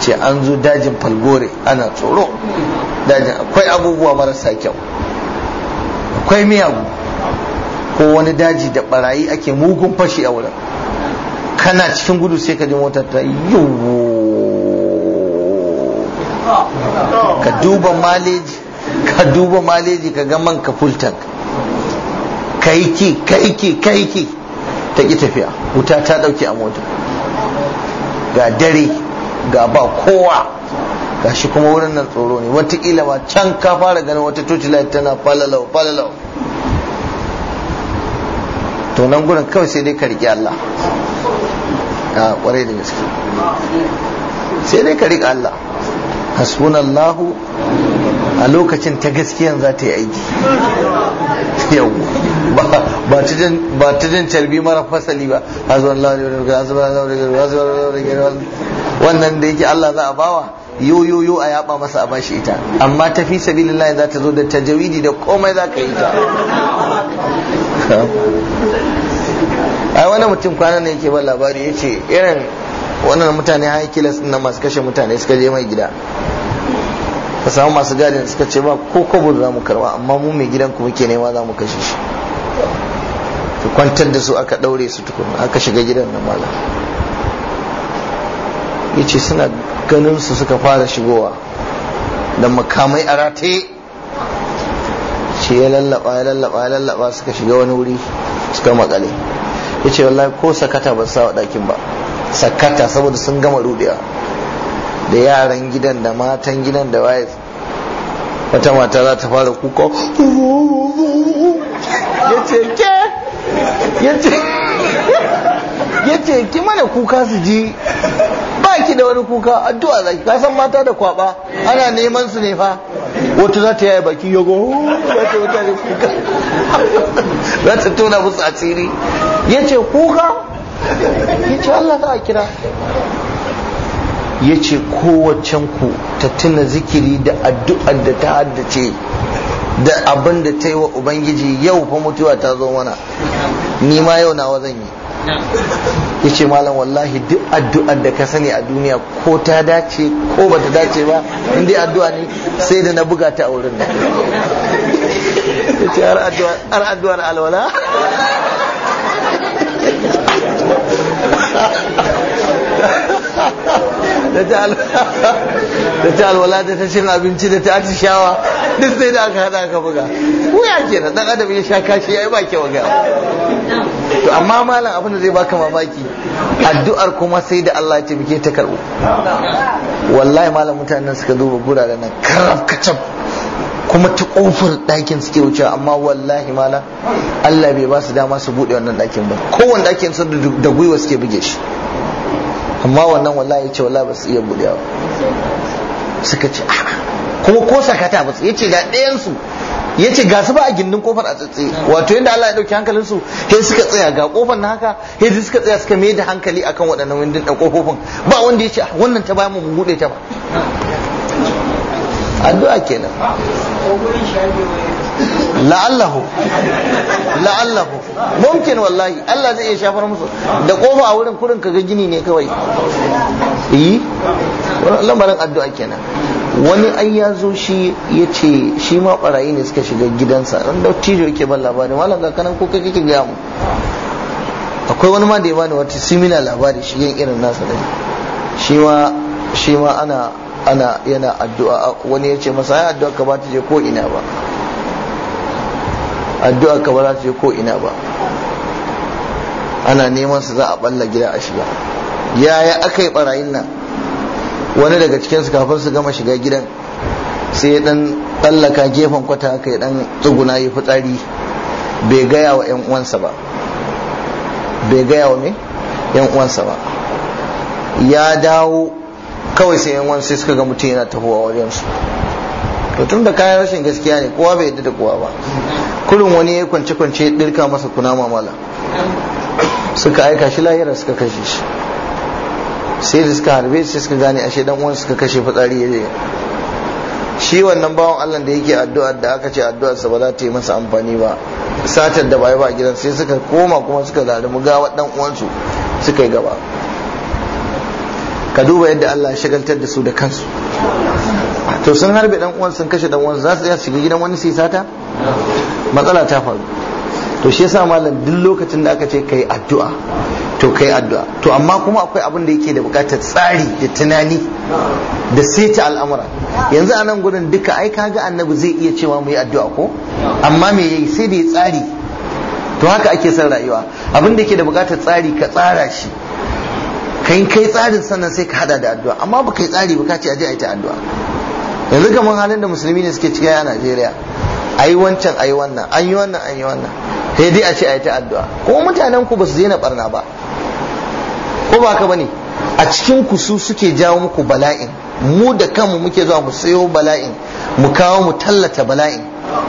ce an zo dajin falgore ana tsoro dajin akwai abubuwa marasa kyau akwai miyagu ko wani daji da barayi ake mugun fashi a wurin kana cikin gudu sai ka ji motar ta yiwu ka duba maleji ka duba maleji ka ga man ka ke, kaiki kaiki kaiki ta ki tafiya wuta ta dauke a mota ga dare ga ba kowa gashi kuma wurin nan tsoro ne wataƙila ma can ka fara ganin wata torchlight tana falalau falalau to nan gurin kawai sai dai ka riƙe Allah a ƙwarai da gaske sai dai ka riƙe Allah hasbunallahu a lokacin ta gaskiyan za ta yi aiki yau ba ta jin calbi mara fasali ba hasbunallahu wannan da yake Allah za a bawa yoyoyo a yaba masa a bashi ita amma ta fi sabilillahi za ta zo da tajawidi da komai za ka yi ta ai wani mutum kwanan ne yake ba labari ya ce irin wannan mutane high kilas na masu kashe mutane suka je mai gida ka samu masu gadin suka ce ba ko kobo za mu karba amma mu mai gidan ku muke nema za mu kashe shi ka kwantar da su aka daure su tukun aka shiga gidan na malam yace suna dukkaninsu suka fara shigowa da makamai a rataye ce ya lallaba ya lallaba ya lallaba suka shiga wani wuri suka makale ya ce wallahi ko sakata ba sa ɗakin ba sakata saboda sun gama rudewa da yaran gidan da matan gidan da waye wata mata za ta fara kuka ya ce ke ya ce yace ki mana kuka su ji ba ki da wani kuka addu'a zaki ka san mata da kwaba ana neman su ne fa wata za ta yaya baki yago za ta wata ne kuka za ta tona musu asiri yace kuka yace Allah za a kira yace kowaccen ku ta tuna zikiri da addu'ar da ta haddace da abin da ta yi wa ubangiji yau fa mutuwa ta zo mana ni ma yau nawa zan yi yace malam wallahi duk addu'ar da ka sani a duniya ko ta dace ko ba ta dace ba in dai addu'a ne sai da na buga ta a wurin nan yace har addu'ar alwala da ta alwala da ta cin abinci da ta atishawa duk sai da aka hada aka buga wuya na dan adam ya sha kashi ya yi ba kyau ga to amma malam abin da zai baka mamaki addu'ar kuma sai da Allah ya taimake ta karbu wallahi malam mutanen suka duba gurare nan karaf kacab kuma ta kofar ɗakin suke wuce amma wallahi mala Allah bai ba su dama su buɗe wannan dakin ba kowanne ɗakin sun da gwiwa suke buge shi amma wannan wallahi ya ce wallahi ba su iya buɗewa suka ce kuma ko sakata ba su ya ce ga ɗayansu ya ce ga su ba a gindin kofar a tsitsi wato yadda Allah ya ɗauki hankalinsu sai suka tsaya ga kofar na haka sai suka tsaya suka mai da hankali akan waɗannan windin ɗauko kofin ba wanda ya ce ah, wannan ta bayan mu mu buɗe ta ba addu'a kenan la'allahu la'allahu mumkin wallahi Allah zai iya shafar musu da kofa a wurin kurin kaga gini ne kawai yi lamarin addu'a kenan wani ai ya zo shi ya ce shi ma barayi ne suka shiga gidansa dan da tijo yake ban labari malam ga kanan ko kai kike ga mu akwai wani ma da ya bani wata simina labari shi yan irin nasa da shi ma shi ma ana ana yana addu'a wani ya ce masa ai addu'a ka ba ta je ko ina ba addu'a ka ba za ta ko ina ba ana neman su za a balla gida a shiga yaya aka yi barayin nan wani daga cikin su kafin su gama shiga gidan sai ya dan tsallaka gefen kwata aka yi dan tsuguna ya fitsari bai gaya wa yan uwansa ba bai gaya wa me yan uwansa ba ya dawo kawai sai yan uwansa suka ga mutum yana tafowa wajen su to tun da kayan rashin gaskiya ne kowa bai yadda da kowa ba kurin wani ya kwance kwance dirka masa kuna mamala suka aika shi lahira suka kashe shi sai da suka harbe sai suka gane ashe dan uwan suka kashe fitsari ya shi wannan bawan Allah da yake addu'a da aka ce addu'ar sa ba za ta yi masa amfani ba satar da bai ba a gidan sai suka koma kuma suka zalimi gawar dan uwansu suka yi gaba ka duba yadda Allah ya shagaltar da su da kansu to sun harbe dan uwan sun kashe dan uwan za su iya shiga gidan wani sai sata matsala ta faru to shi yasa malam duk lokacin da aka ce kai addu'a to kai addu'a to amma kuma akwai abin da yake da bukatar tsari da tunani da saita al'amura yanzu a nan gurin duka ai kaga annabi zai iya cewa mu yi addu'a ko amma me yayi sai da ya tsari to haka ake son rayuwa abin da yake da bukatar tsari ka tsara shi kai kai tsarin sannan sai ka hada da addu'a amma ba kai tsari ba ka ce aje a yi ta addu'a yanzu kamar halin da musulmi ne suke ciki a Najeriya yi wancan yi wannan an yi wannan an yi wannan sai dai a ce ayi ta addu'a ko mutanen ku ba su daina barna ba ko ba ka bane a cikin ku su suke jawo muku bala'in mu da kanmu muke zuwa mu sayo bala'in mu kawo mu tallata bala'in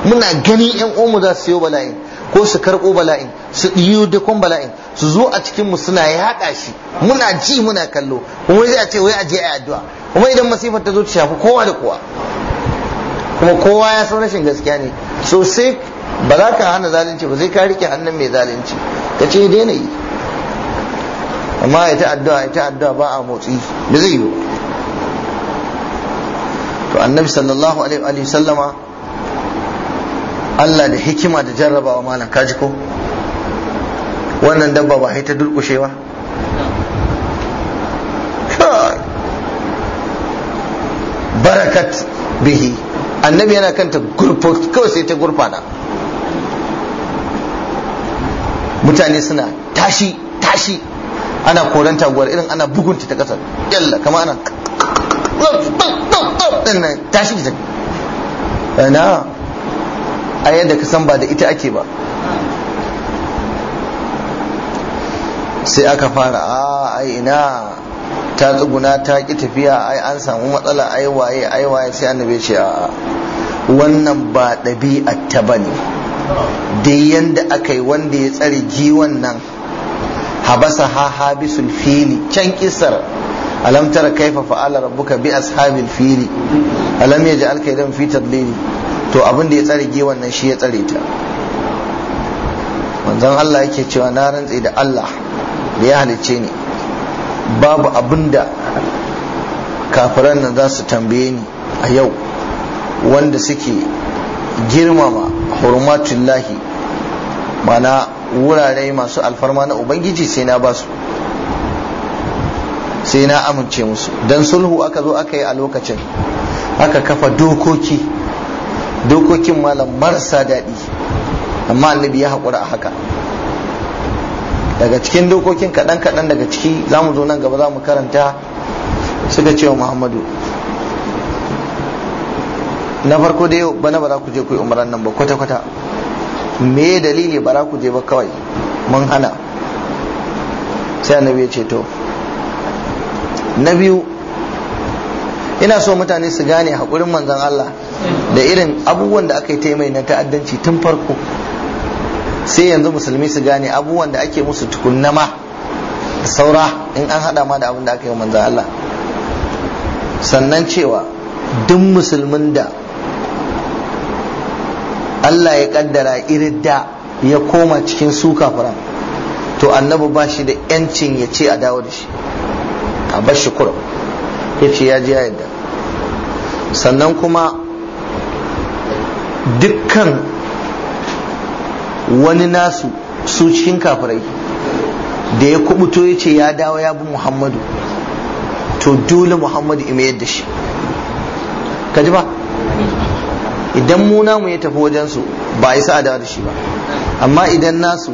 muna gani yan mu za su sayo bala'in ko su karɓo bala'in su ɗiyo dukkan bala'in su zo a cikin mu suna yaɗa shi muna ji muna kallo kuma zai a ce wai a je a yi addu'a kuma idan masifar ta zo ta shafi kowa da kowa kuma kowa ya san rashin gaskiya ne so sai ba za ka hana zalunci ba zai ka rike hannun mai zalunci ka ce daina yi amma ya addu'a ya addu'a ba a motsi da zai yi to annabi sallallahu alaihi wa sallama Allah da hikima da jarrabawa malam ji ko wannan dabba ba ta durkushewa barakat bihi annabi yana kanta gurfa kawai sai ta gurfana mutane suna tashi tashi ana koran taguwar irin ana bugunta ta kasar yalla kama ana tashi ta na a yadda ka san ba da ita ake ba sai aka fara a ah, ina ta tsuguna ta ki tafiya ai an samu matsala ai waye ai waye sai annabi ce a wannan ba ɗabi'a ta bane Da yanda aka yi wanda ya tsare giwan nan habasa ha habisul fili can kisar alam tara kaifa fa'ala rabbuka bi ashabil fili alam yaj'al kaidan fi tadlili to abin da ya tsare giwan nan shi ya tsare ta manzon Allah yake cewa na rantsi da Allah da ya halicce ni babu abinda kafiran nan za su tambaye ni a yau wanda suke girmama hurmatullahi mana wurare masu alfarma na ubangiji sai na su sai na amince musu don sulhu aka zo aka yi a lokacin aka kafa dokoki dokokin malam marasa daɗi amma annabi ya haƙura a haka daga cikin dokokin kaɗan kaɗan daga ciki za mu zo nan gaba za mu karanta suka ce wa muhammadu na farko da yau bana ba za ku je ku yi umaran nan ba kwata-kwata me dalili ba za ku je ba kawai mun hana sai annabi ya ce to na biyu ina so mutane su gane haƙurin manzon Allah da irin abubuwan da aka yi ta mai na ta'addanci tun farko sai yanzu musulmi su gane abubuwan da ake musu tukunna ma saura in an hada ma da abin da aka yi manzan Allah sannan cewa duk musulmin da Allah ya kaddara da ya koma cikin su kafiran to annabi ba shi da yancin ya ce a dawo da shi a bar shi kurum ya ce ya ji yadda sannan kuma dukkan wani nasu su cikin kafirai da ya kubuto ya ce ya dawo ya bi muhammadu to dole muhammadu ime yadda shi ka ji ba idan mu namu ya tafi wajensu ba a yi a da shi ba amma idan nasu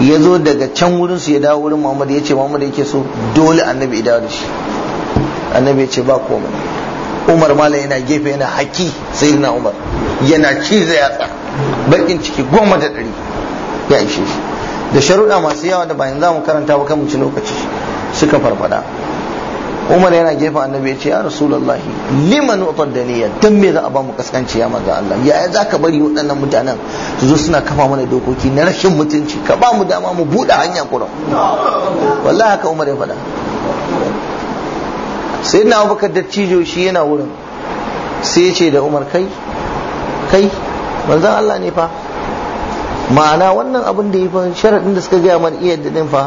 ya zo daga can wurinsu ya dawo wurin muhammadu ya ce muhammadu yake so dole annabi ya dawo da shi annabi ya ce ba komai umar malam yana gefe yana haki sai na umar yana ci zai yatsa bakin ciki goma da ɗari ya ishe shi da sharuɗa masu yawa da bayan za mu karanta ba kan ci lokaci suka farfada umar yana gefen annabi ya ce ya rasulullahi liman utar da niyya dan me za a ba mu kaskanci ya Allah ya za ka bari waɗannan mutanen su zo suna kafa mana dokoki na rashin mutunci ka ba mu dama mu buɗe hanya kurum wallahi haka umar ya faɗa sai na abubakar cijo shi yana wurin sai ya ce da umar kai kai manzan Allah ne fa ma'ana wannan abin da ya fa sharaɗin da suka gaya mana iya yadda din fa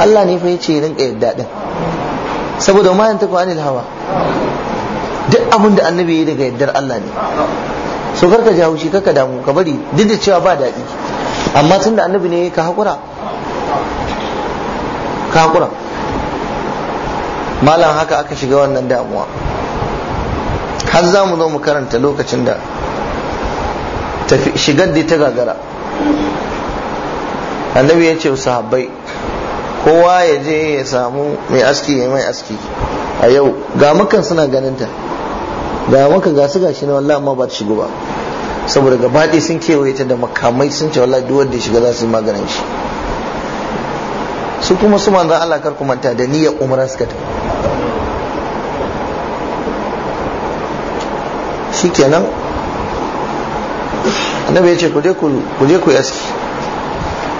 Allah ne fa ya ce rinka yadda din saboda ma yanta anil hawa duk abin da annabi ya daga yaddar Allah ne so karka ji haushi karka damu ka bari duk da cewa ba daɗi amma tun da annabi ne ka haƙura ka haƙura malam haka aka shiga wannan damuwa har za mu zo mu karanta lokacin da tafi shigar da ta gagara annabi ya ce sahabbai kowa ya je ya samu mai aski ya mai aski a yau ga makan suna ganinta ga maka gasu gashi na wallah amma ba ta shigo ba saboda gabaɗe sun kewaye ta da makamai sun ce wallah duwar da ya shiga za su yi maganin shi su kuma su manzan Allah kar ku manta da niyyar umra suka ta shi kenan annabi ya ce ku je ku yaski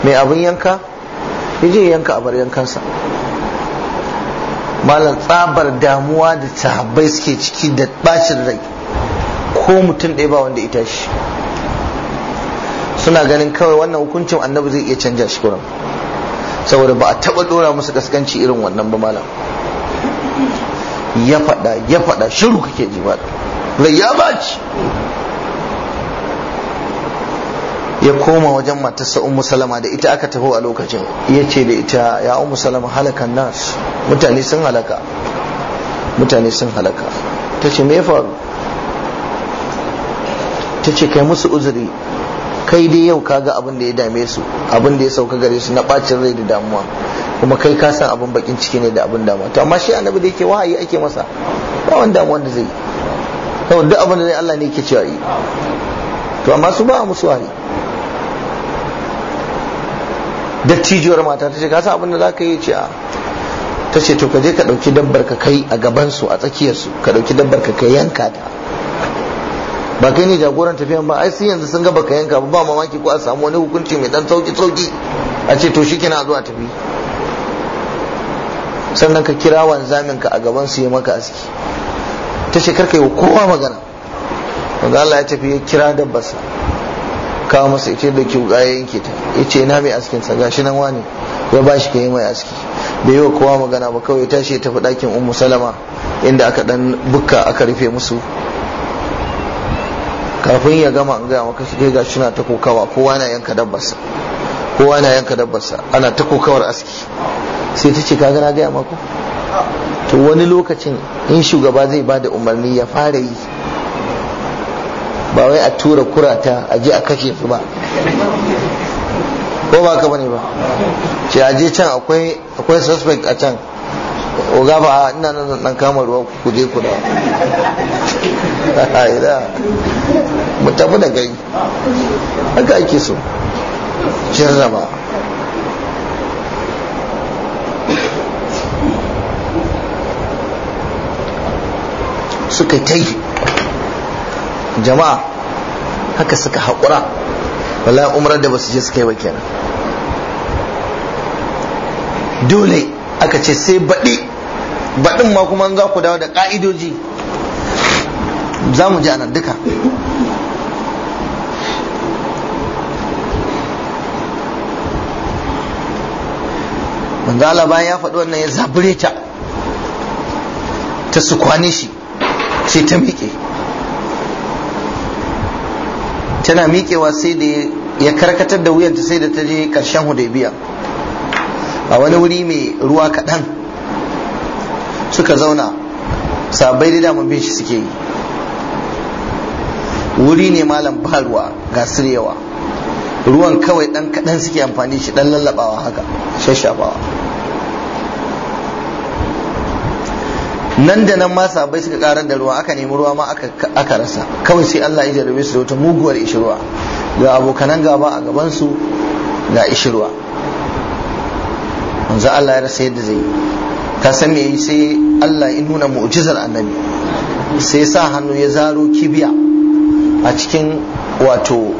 mai abin yanka ya je yanka a bar yankansa malam tsabar damuwa da sahabbai suke ciki da bacin rai ko mutum ɗaya ba wanda ita shi suna ganin kawai wannan hukuncin annabi zai iya canja shi kuran saboda ba a taɓa ɗora musu gaskanci irin wannan ba malam ya faɗa ya faɗa shiru kake ji ba rai ya baci ya koma wajen matarsa ummu salama da ita aka taho a lokacin ya ce da ita ya ummu salama halakan nas mutane sun halaka mutane sun halaka ta ce me ya faru ta ce kai musu uzuri kai dai yau kaga abin da ya dame su abin da ya sauka gare su na bacin rai da damuwa kuma kai ka san abin bakin ciki ne da abin damuwa to amma shi annabi da yake wahayi ake masa ba wanda damuwa da zai yi To duk abin da zai Allah ne yake cewa yi to amma su ba musu wahayi Dattijowar mata ta ce ka san abin za ka yi ce a ta ce to ka je ka ɗauki dabbar ka kai a gabansu a tsakiyarsu ka ɗauki dabbar ka kai yanka ta ba kai ne jagoran tafiyan ba ai sun yanzu sun ga baka yanka ba mamaki ko a samu wani hukunci mai dan sauki sauki a ce to shi kina zo a tafi sannan ka kira wanzamin ka a gaban su yi maka aski ta ce karka yi kowa magana wanda Allah ya tafi ya kira dabbarsa kawo masa ita da kyau ya yanke ta ya ce na mai askin sa gashi nan wani ya ba shi ka yi mai aski bai yi wa kowa magana ba kawai tashi ya tafi ɗakin ummu salama inda aka dan bukka aka rufe musu kafin ya gama an gaya maka shi gashi na ta kokawa kowa na yanka dabbarsa kowa na yanka dabbarsa ana ta kokawar aski sai ta ce ka gana gaya maku to wani lokacin in shugaba zai ba da umarni ya fara yi ba wai a tura kurata a je a kashe su ba ko ba ka bane ba ce a je can akwai akwai suspect a can oga ba ah, ina nan dan kama ruwa ku je ku da aida mu tafi da gari haka ake so jarraba suka ta jama'a haka suka haƙura wallahi umrar da ba su je suka yi ba kenan dole aka ce sai baɗi baɗin ma kuma za ku dawo da ƙa'idoji za mu ji anan duka manzala bayan ya faɗi wannan ya zabure ta ta su kwane shi sai ta miƙe tana miƙewa sai da ya karkatar da wuyanta sai da ta je ƙarshen hudaybiya a wani wuri mai ruwa kaɗan suka zauna sabai da damun bin shi suke yi wuri ne malam ba ruwa ga yawa ruwan kawai ɗan kaɗan suke amfani shi ɗan lallaɓawa haka shashabawa nan da nan ma sabai suka karar da ruwa aka nemi ruwa ma aka rasa kawai sai Allah ya jarabe su da wata muguwar ishirwa ga abokanan gaba a gaban su ga ishirwa manzo Allah ya rasa yadda zai ka san me sai Allah ya nuna mu'jizar annabi sai sa hannu ya zaro kibiya a cikin wato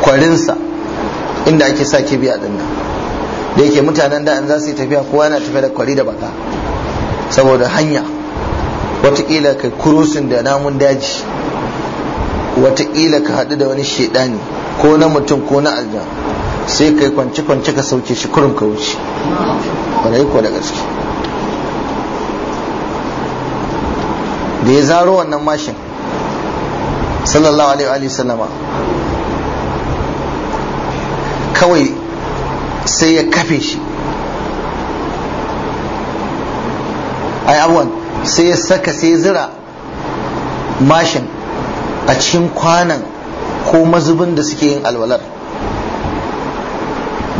kwarinsa inda ake sa kibiya din nan da yake mutanen da an za su yi tafiya kowa yana tafiya da kwari da baka saboda hanya watakila kai kurusin da namun daji wataƙila ka haɗu da wani shaidani ko na mutum ko na aljan sai kai kwance-kwance ka sauke shi kurum ka wuce yi ko da gaske da ya zaro wannan mashin sallallahu alaihi wa sallama kawai sai ya kafe shi ai abuwan sai ya saka sai zira mashin a cikin kwanan ko mazubin da suke yin alwalar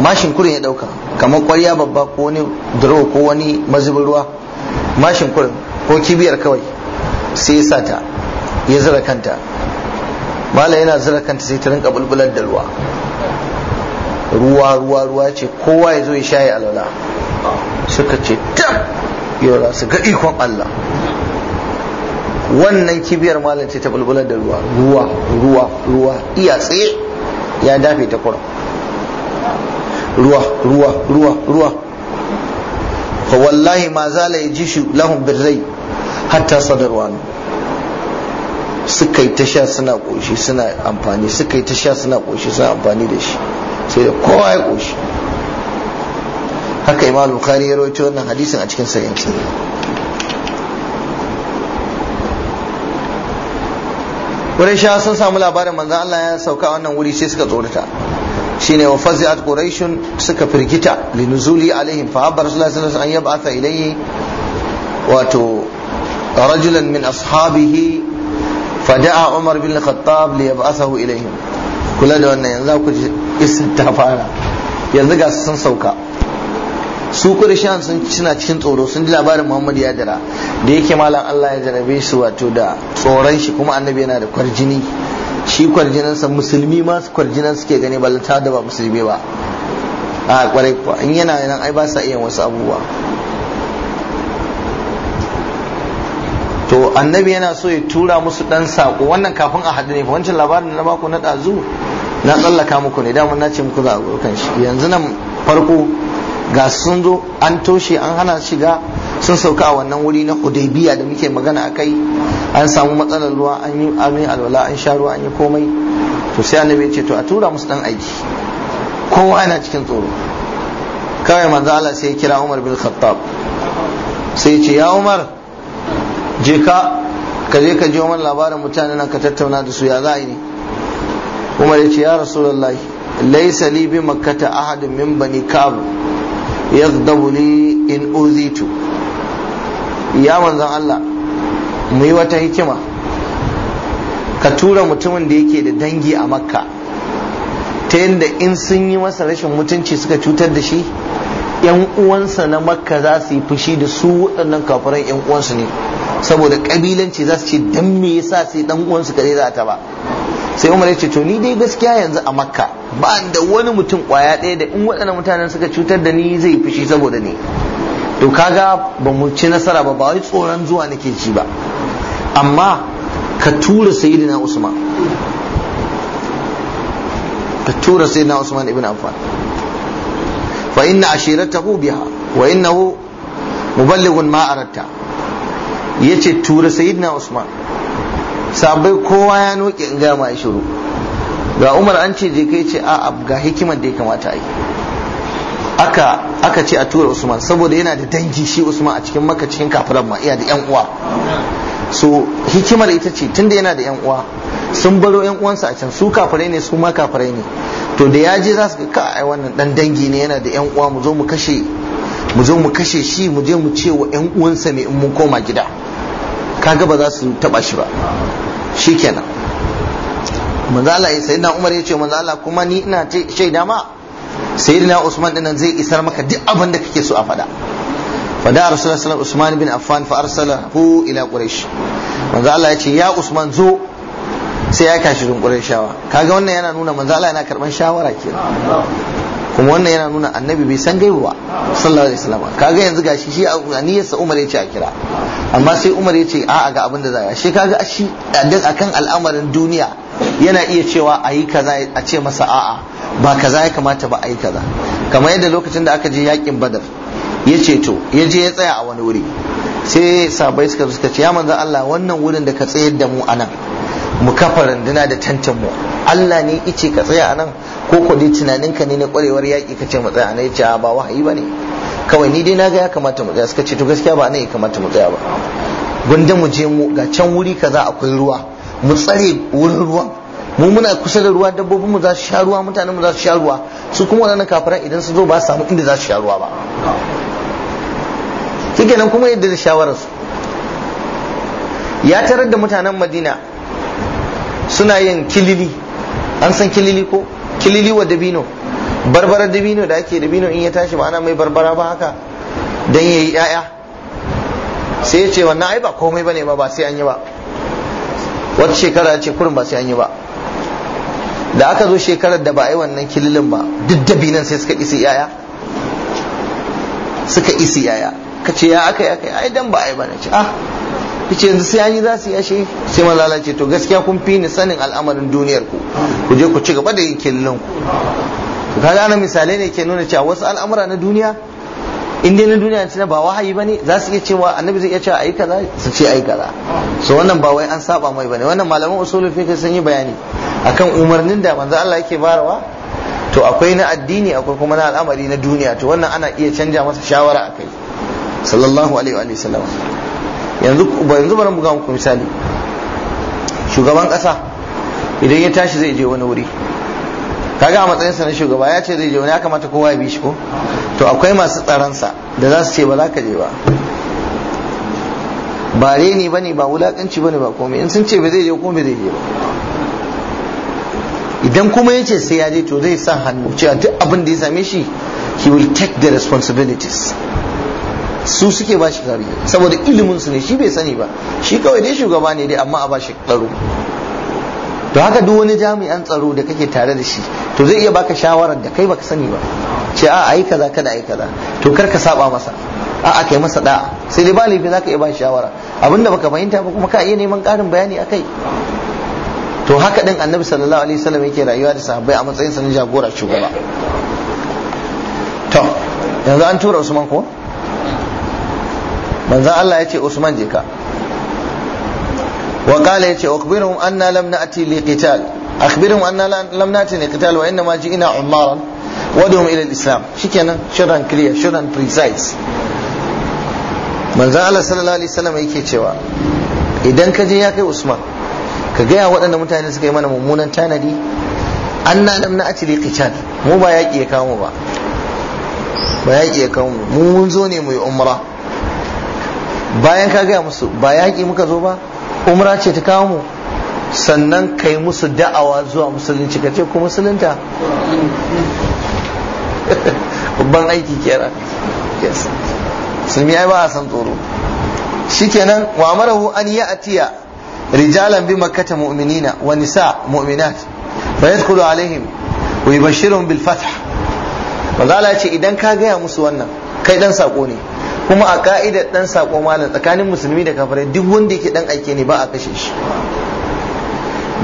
mashin kurin ya dauka kamar kwarya babba ko wani duro ko wani mazubin ruwa mashin kurin ko kibiyar kawai sai ya sata ya zira kanta mala yana zira kanta sai ta rinka bulbular da ruwa ruwa ruwa ruwa ce kowa ya zo ya shaye alwala suka ce tab yau za su ga ikon Allah wannan kibiyar malam ce ta bulbular da ruwa ruwa ruwa ruwa iya tsaye ya dafe ta kura ruwa ruwa ruwa ruwa fa wallahi ma zala shi lahum birrai hatta sadarwa suka yi ta sha suna koshi suna amfani suka yi ta sha suna koshi suna amfani da shi sai da kowa ya koshi haka imam bukhari ya rawaito wannan hadisin a cikin sahihin Qurayshawa sun samu labarin manzon Allah ya sauka wannan wuri sai suka tsorata shine wa fazi'at quraish suka firgita linuzuli alaihim fa habba rasulullahi sallallahu alaihi wasallam an yab'atha ilayhi wato rajulan min ashabihi fada'a umar bin al-khattab li yab'athahu ilayhim kula da wannan yanzu ku ji isin ta fara yanzu ga sun sauka su kurishan sun suna cikin tsoro sun ji labarin muhammad ya dara da yake malam allah ya jarabe su wato da tsoron shi kuma annabi yana da kwarjini shi kwarjinansa musulmi ma su kwarjinan suke gani balanta da ba musulmi ba a kwarai kuwa in yana nan ai ba sa iya wasu abubuwa to annabi yana so ya tura musu dan sako wannan kafin a haɗu ne fa wancan labarin na baku na ɗazu na tsallaka muku ne damar na ce muku za a kan yanzu nan farko ga sun zo an toshe an hana shiga sun sauka a wannan wuri na hudaybiya da muke magana a kai an samu matsalar ruwa an yi amin alwala an sha ruwa an yi komai to sai annabi ce to a tura musu dan aiki kowa yana cikin tsoro kawai manzo Allah sai ya kira Umar bin Khattab sai ya ce ya Umar je ka ka je ka ji mana labarin mutanen nan ka tattauna da su ya za a ne Umar ya ce ya Rasulullahi laysa li bi makkata ahadun min bani Ka'ab yaghdabu li in uzitu ya manzon Allah mu yi wata hikima ka tura mutumin da yake da dangi a makka ta yadda in sun yi masa rashin mutunci suka cutar da shi yan uwansa na makka za su yi fushi da su waɗannan kafiran yan uwansu ne saboda ƙabilanci za su ce dan me yasa sai dan uwansu kare za ta ba sai umar ya ce to ni dai gaskiya yanzu a makka ba da wani mutum kwaya ɗaya da in waɗannan mutanen suka cutar da ni zai fushi saboda ni to kaga ba mu ci nasara ba ba wai tsoron zuwa nake ci ba amma ka tura sayyidina usman ka tura sayyidina usman ibn affan fa inna ashiratahu biha wa innahu muballighun ma aratta yace tura sayyidina usman sabai kowa ya noke in gaya ma shiru ga umar an ce je kai ce a ga hikimar da ya kamata a yi aka ce a tura usman saboda yana da dangi shi usman a cikin maka cikin kafiran ma iya da yan uwa so hikimar ita ce tunda yana da yan uwa sun baro yan uwansa a can su kafirai ne su ma kafirai ne to da ya je za su ka ai wannan dan dangi ne yana da yan uwa mu zo mu kashe shi mu je mu ce wa yan uwansa ne in mun koma gida kaga ba za su taba shi ba shikenan manzo Allah ya na Umar ya ce manzo Allah kuma ni ina ce shaida ma sayyidina Usman dinan zai isar maka duk abin da kake so a faɗa fada rasulullah sallallahu Usman bin Affan fa hu ila Quraysh manzo Allah ya ce ya Usman zo sai ya kashi dun Qurayshawa kaga wannan yana nuna manzo Allah yana karban shawara kenan kuma wannan yana nuna annabi bai san gaiwa ba sallallahu alaihi wasallam kaga yanzu gashi shi a sa Umar yace ce a kira amma sai Umar yace a a ga abin da za a shi kaga shi dan akan al'amarin duniya yana iya cewa ayi yi kaza a ce masa a'a ba kaza ya kamata ba ayi kaza kamar yadda lokacin da aka je yakin Badar ya ce to yaje ya tsaya a wani wuri sai sabai suka suka ce ya manzo Allah wannan wurin da ka tsayar da mu anan mu kafa randuna da tantan mu Allah ne ice ka tsaya anan ko ko dai tunanin ka ne na kwarewar yaƙi ka mu tsaya anan yace ba wahayi bane kawai ni dai naga ya kamata mu tsaya suka ce to gaskiya ba anan ya kamata mu tsaya ba gunda mu je mu ga can wuri kaza akwai ruwa mu tsare wurin ruwan mu muna kusa da ruwa dabbobin mu za su sha ruwa mutanen mu za su sha ruwa su kuma wannan kafiran idan su zo ba su samu inda za su sha ruwa ba nan kuma yadda da shawararsu ya tarar da mutanen madina suna yin kilili an san kilili ko kilili wa dabino barbara dabino da ake dabino in ya tashi ba ana mai barbara ba haka dan yi yaya sai ya ce wannan ai ba komai bane ba ba sai an yi ba wata shekara ce kurin ba sai an yi ba da aka zo shekarar da ba a yi wannan kililin ba duk dabinan sai suka isi yaya suka isi yaya ka ce ya aka yi aka yi ai dan ba a yi ba na ce ah yace yanzu sai an yi za su yi ashe sai ma lalace to gaskiya kun fi ni sanin al'amarin duniyar ku ku je ku ci gaba da yin killan ku kaga ana misalai ne ke nuna cewa wasu al'amura na duniya in dai na duniya ce ba wahayi bane za su iya cewa annabi zai iya cewa ayi kaza su ce ayi kaza so wannan ba wai an saba mai bane wannan malaman usulul fiqh sun yi bayani akan umarnin da manzo Allah yake barawa to akwai na addini akwai kuma na al'amari na duniya to wannan ana iya canja masa shawara akai sallallahu alaihi wa sallam yanzu yanzu bari buga muku misali shugaban kasa idan ya tashi zai je wani wuri kaga a matsayinsa na shugaba ya ce zai je wani ya kamata kowa ya bi shi ko to akwai masu tsaransa da za su ce ba za ka je ba ba reni ba ne ba wulakanci ba ne ba komai in sun ce ba zai je ko ba zai je ba idan kuma ya ce sai ya je to zai sa hannu cewa duk abin da ya same shi he will take the responsibilities su suke ba shi kariya saboda ilimin su ne shi bai sani ba shi kawai dai shugaba ne dai amma a ba shi tsaro to haka duk wani jami'an tsaro da kake tare da shi to zai iya baka shawarar da kai baka sani ba ce a ai kaza kada ai kaza to kar ka saba masa a kai masa da'a sai dai ba laifi zaka iya ba shawara abinda baka fahimta ba kuma ka iya neman karin bayani akai to haka din annabi sallallahu alaihi wasallam yake rayuwa da sahabbai a matsayin sa na jagora shugaba to yanzu an tura Usman ko manzan Allah ya ce Usman je ka wa qala ya ce akhbirhum anna lam na'ti liqital akhbirhum anna lam na'ti liqital wa inma ji'na umaran wadhum ila al-islam shikenan shirin clear shirin precise manzan Allah sallallahu alaihi wasallam yake cewa idan ka je ya kai Usman ka gaya waɗanda mutane suka yi mana mummunan tanadi an na lam na acili qital mu ba yaƙi ya kawo ba ba yaƙi ya kawo mu mun zo ne mu yi umra bayan ka gaya musu ba yaƙi muka zo ba umra ce ta kawo mu sannan kai musu da'awa zuwa musulunci ka ce ku musulunta babban aiki kera yes yi ai ba a san tsoro shikenan wa marahu an yi atiya rijalan bi makkata mu'minina wa nisa mu'minat fa yadkhulu alaihim wa bashirin bil fath manzo Allah ce idan ka gaya musu wannan kai dan sako ne kuma a ka'idar dan sako malam tsakanin musulmi da kafirai duk wanda yake dan aike ne ba a kashe shi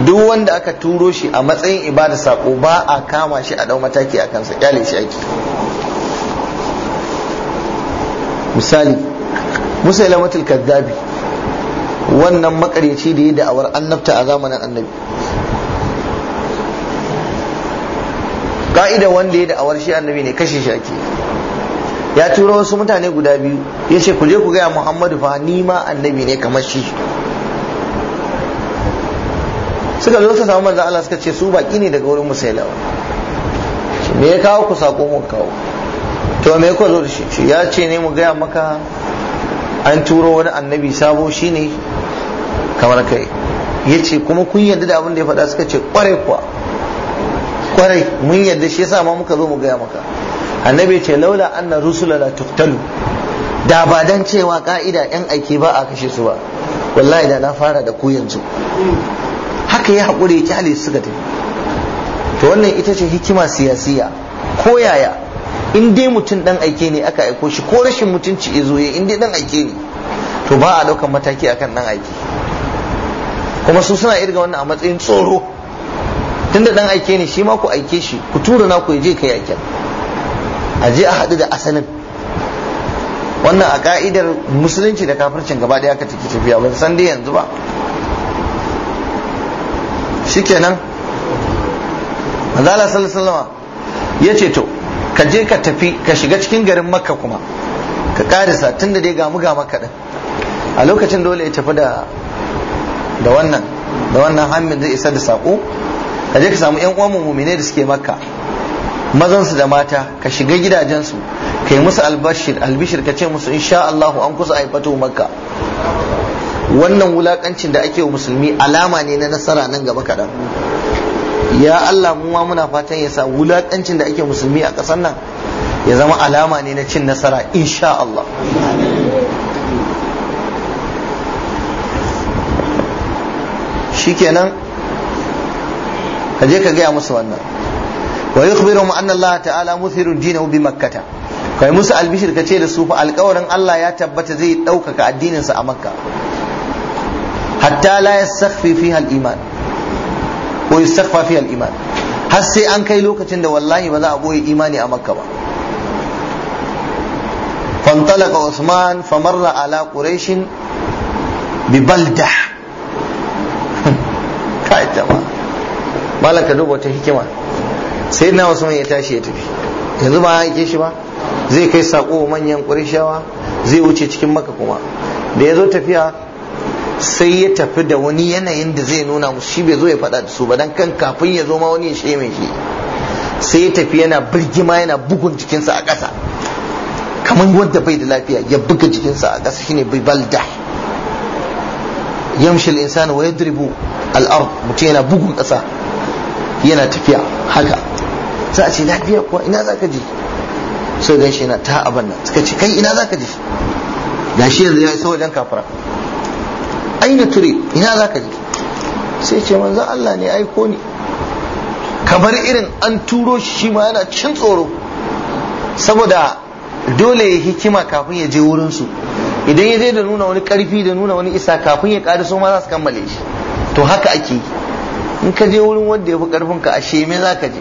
duk wanda aka turo shi a matsayin ibada sako ba a kama shi a dau mataki a kansa kyale shi ake misali musailamatul kazzabi, wannan makaryaci da ya da'awar annabta a zamanin annabi ka'ida wanda ya da'awar shi annabi ne kashe shi ake ya turo wasu mutane guda biyu ya ce ku je ku gaya muhammadu fa ni ma annabi ne kamar shi suka zo su samu manzo Allah suka ce su baki ne daga wurin musailawa me ya kawo ku sako mu kawo to me ku zo da shi ya ce ne mu gaya maka an turo wani annabi sabo shine kamar kai ya ce kuma kun yarda da abin da ya faɗa suka ce kwarai kuwa kwarai mun yarda shi yasa ma muka zo mu gaya maka annabi ce laula anna rusula la tuqtalu da ba dan cewa ka'ida yan aiki ba a kashe su ba wallahi da na fara da ku yanzu haka ya hakure kyale ga tafi to wannan ita ce hikima siyasiya ko yaya in dai mutum dan aike ne aka aiko shi ko rashin mutunci ya zo ya in dai dan aike ne to ba a ɗaukan mataki akan dan aiki. kuma su suna irga wannan a matsayin tsoro tunda dan aike ne shi ma ku aike shi ku tura na ku je kai aikin a je a haɗu da asalin wannan a ka'idar musulunci da kafircin gaba ɗaya aka ciki tafiya ba san dai yanzu ba shikenan manzala sallallahu ya ce to ka je ka tafi ka shiga cikin garin makka kuma ka karisa tun da dai gamu ga makka din a lokacin dole ya tafi da da wannan da wannan hamin zai isa da sako ka je ka samu yan uwan mumine da suke makka mazansu da mata ka shiga gidajensu ka yi musu albashir albishir ka ce musu insha Allahu an kusa aifato makka wannan wulakancin da ake wa musulmi alama ne na nasara nan gaba kaɗan ya Allah mu ma muna fatan ya sa wulakancin da ake musulmi a ƙasar nan ya zama alama ne na cin nasara insha Allah shikenan ka je ka gaya musu wannan wa yukhbiruhum anna Allah ta'ala muthiru dinahu bi makkata kai musu albishir ka ce da su fa alƙawarin Allah ya tabbata zai ɗaukaka addininsa a makka hatta la yastakhfi fiha al-iman wa yastakhfa fiha al-iman har sai an kai lokacin da wallahi ba za a boye imani a makka ba Usman فانطلق ala فمر على قريش ببلدة كاي جماعة مالك دوبة hikima. sai na wasu ya tashi ya tafi yanzu ba aike shi ba zai kai sako manyan ƙurishawa zai wuce cikin maka kuma da ya zo tafiya sai ya tafi da wani yanayin da zai nuna musu shi bai zo ya faɗa da su ba dan kan kafin ya zo ma wani ya shi mai shi sai ya tafi yana birgima yana bugun jikinsa a ƙasa kamar wanda bai da lafiya ya buga jikinsa a ƙasa shine bibalda yamshi al-insanu wa yadribu al-ard mutum yana bugun ƙasa yana tafiya haka za a ce lafiya kuwa ina za ka ji sai gan shi yana ta abin nan suka ce kai ina za ka ji gashi yanzu ya iso wajen kafara aina ture ina za ka ji sai ce manzo Allah ne aiko ni kamar irin an turo shi ma yana cin tsoro saboda dole ya hikima kafin ya je wurinsu idan ya je da nuna wani karfi da nuna wani isa kafin ya kada so ma za su kammale shi to haka ake yi in ka je wurin wanda ya fi karfin ka a sheme za ka je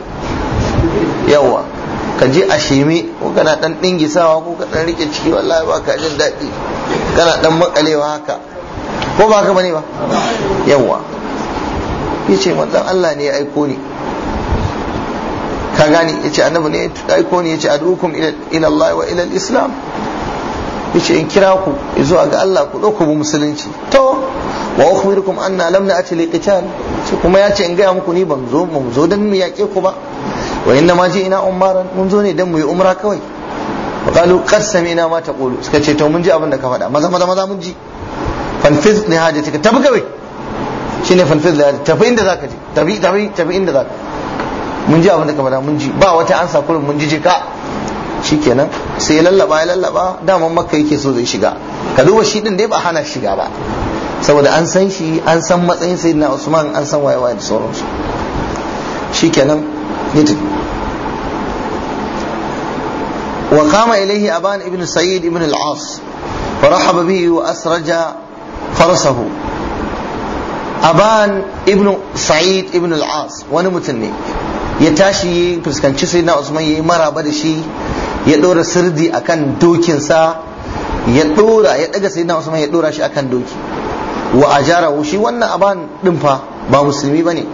yawa ka je a sheme ko kana dan dingisawa ko ka dan rike ciki wallahi ba ka jin daɗi kana dan makalewa haka ko ba ka bane ba yawa yace manzon Allah ne ya aiko ni ka gane yace annabi ne ya aiko ni yace adukum ila Allah wa ila al-islam yace in kira ku zuwa ga Allah ku dauko mu musulunci to wa ukhbirukum anna lam na'ti liqital kuma yace in gaya muku ni ban zo mu zo dan mu yake ku ba wa inna ma ji ina umaran mun zo ne dan mu yi umra kawai qalu qad sami'na ma taqulu suka ce to mun ji abin da ka faɗa maza maza maza mun ji fanfiz ne haje hajatika tafi kawai shine fanfiz da tafi inda zaka je tafi tafi tafi inda zaka mun ji abin da ka faɗa mun ji ba wata ansa kullum mun ji je ka shikenan sai ya lallaba ya lallaba daman makka yake so zai shiga ka duba shi din dai ba hana shiga ba saboda an san shi an san matsayin sayyidina usman an san waye waye da sauransu shikenan ya Ibn وقام إليه أبان ابن سعيد wa العاص farasahu به وأسرج Ibn أبان Ibn سعيد wani mutum ne ya tashi fuskanci sai na usman yayi maraba da shi ya ɗora sirdi akan dokinsa ya ɗora ya ɗaga sayyidina usman ya ɗora shi akan doki wa ajarahu shi wannan aban din fa ba musulmi bane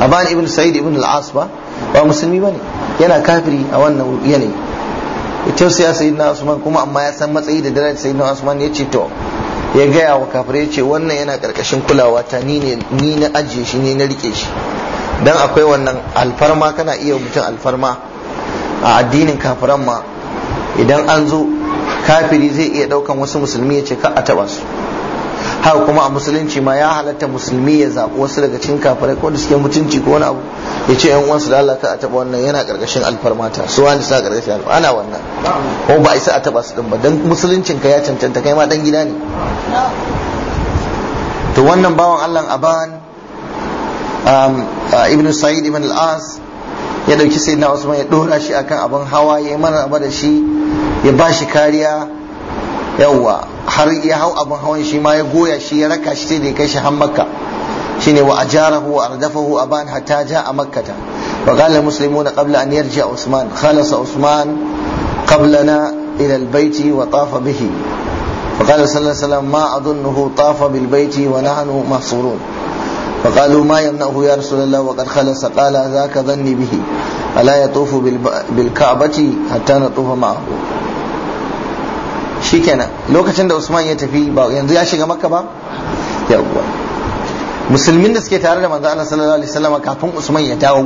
aban ibn sa'id ibn al-as ba ba musulmi bane yana kafiri a wannan yanayi ya sai sayyidina usman kuma amma ya san matsayi da darajar sayyidina usman ya ce to ya gaya wa kafirai ya ce wannan yana karkashin kulawa ta ni ne ni na ajiye shi ne na rike shi dan akwai wannan alfarma kana iya mutum alfarma a addinin kafiran ma idan an zo kafiri zai iya daukan wasu musulmi ya ce ka a taba su haka kuma a musulunci ma ya halatta musulmi ya zaɓi wasu daga cikin kafirai ko da suke mutunci ko wani abu ya ce yan uwansu da Allah ka a taba wannan yana karkashin alfarmata su wani sa karkashin alfarmata ana wannan ko ba isa a taba su din ba dan musuluncin ka ya cancanta kai ma dan gida ne to wannan bawan Allah aban um, uh, ibn sa'id ibn al-as ya dauki na usman ya dora shi akan abin hawa ya mana abu da shi ya ba shi kariya yawwa har ya hau abin hawan shi ma ya goya shi ya raka shi sai da ya kai shi har makka shine wa ajarahu wa ardafahu aban hatta jaa makkata wa qala almuslimuna qabla an yarji usman khalasa usman qablana ila albayti wa tafa bihi فقال صلى الله عليه وسلم ما أظنه طاف بالبيت ونحن محصورون فقالوا ما يمنعه يا رسول الله وقد خلص قال ذاك ظني به ألا يطوف بالكعبة حتى نطوف معه shikenan lokacin da Usman ya tafi ba yanzu ya shiga Makka ba yawwa musulmin da suke tare da manzo Allah sallallahu alaihi wasallam kafin Usman ya dawo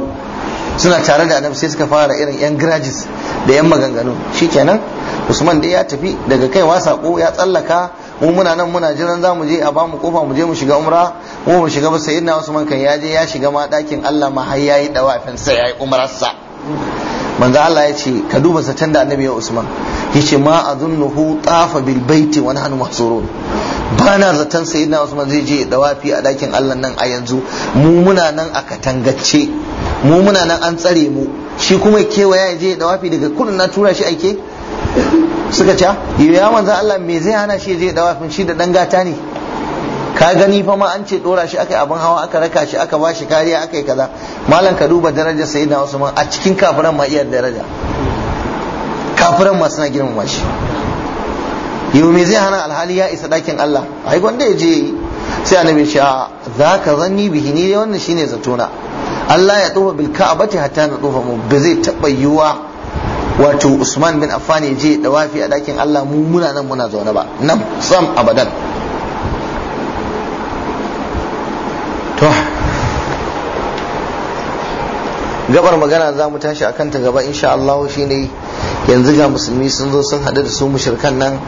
suna tare da Annabi sai suka fara irin yan grajis da yan maganganu shikenan Usman dai ya tafi daga kaiwa sako ya tsallaka mu muna nan muna jiran za mu je a bamu kofa mu je mu shiga umra mu mu shiga ba sayyidina usman kan ya je ya shiga ma dakin Allah ma har yayi dawafin sai yayi sa manzo Allah ya ce ka duba satan da annabi ya usman yace ma azunnuhu tafa bil baiti wa nahnu mahsurun bana zaton sayyidina usman zai je dawafi a dakin Allah nan a yanzu mu muna nan a katangace mu muna nan an tsare mu shi kuma kewaya ya je dawafi daga kudin na tura shi aike suka ce ah, ya manzan Allah me zai hana shi je dawafin shi da dan gata ne ka gani fa ma an ce dora shi aka abin hawa aka raka shi aka ba shi kariya aka yi kaza malam ka duba darajar sayyidina Usman a cikin kafiran ma iya daraja kafiran ma suna girmama shi yau me zai hana alhali ya isa dakin Allah ai wanda ya je sai annabi shi a ah, zaka zanni bihi ne wannan shine zatona Allah ya tsofa bil ka'abati hatta na tsofa mu ba zai taba yiwa wato usman bin affan ya je dawafi a dakin allah mu muna nan muna zaune ba nan sam abadan to gabar magana za mu tashi a kanta gaba insha Allah ne yanzu ga musulmi sun zo sun haɗu da su mushirkan nan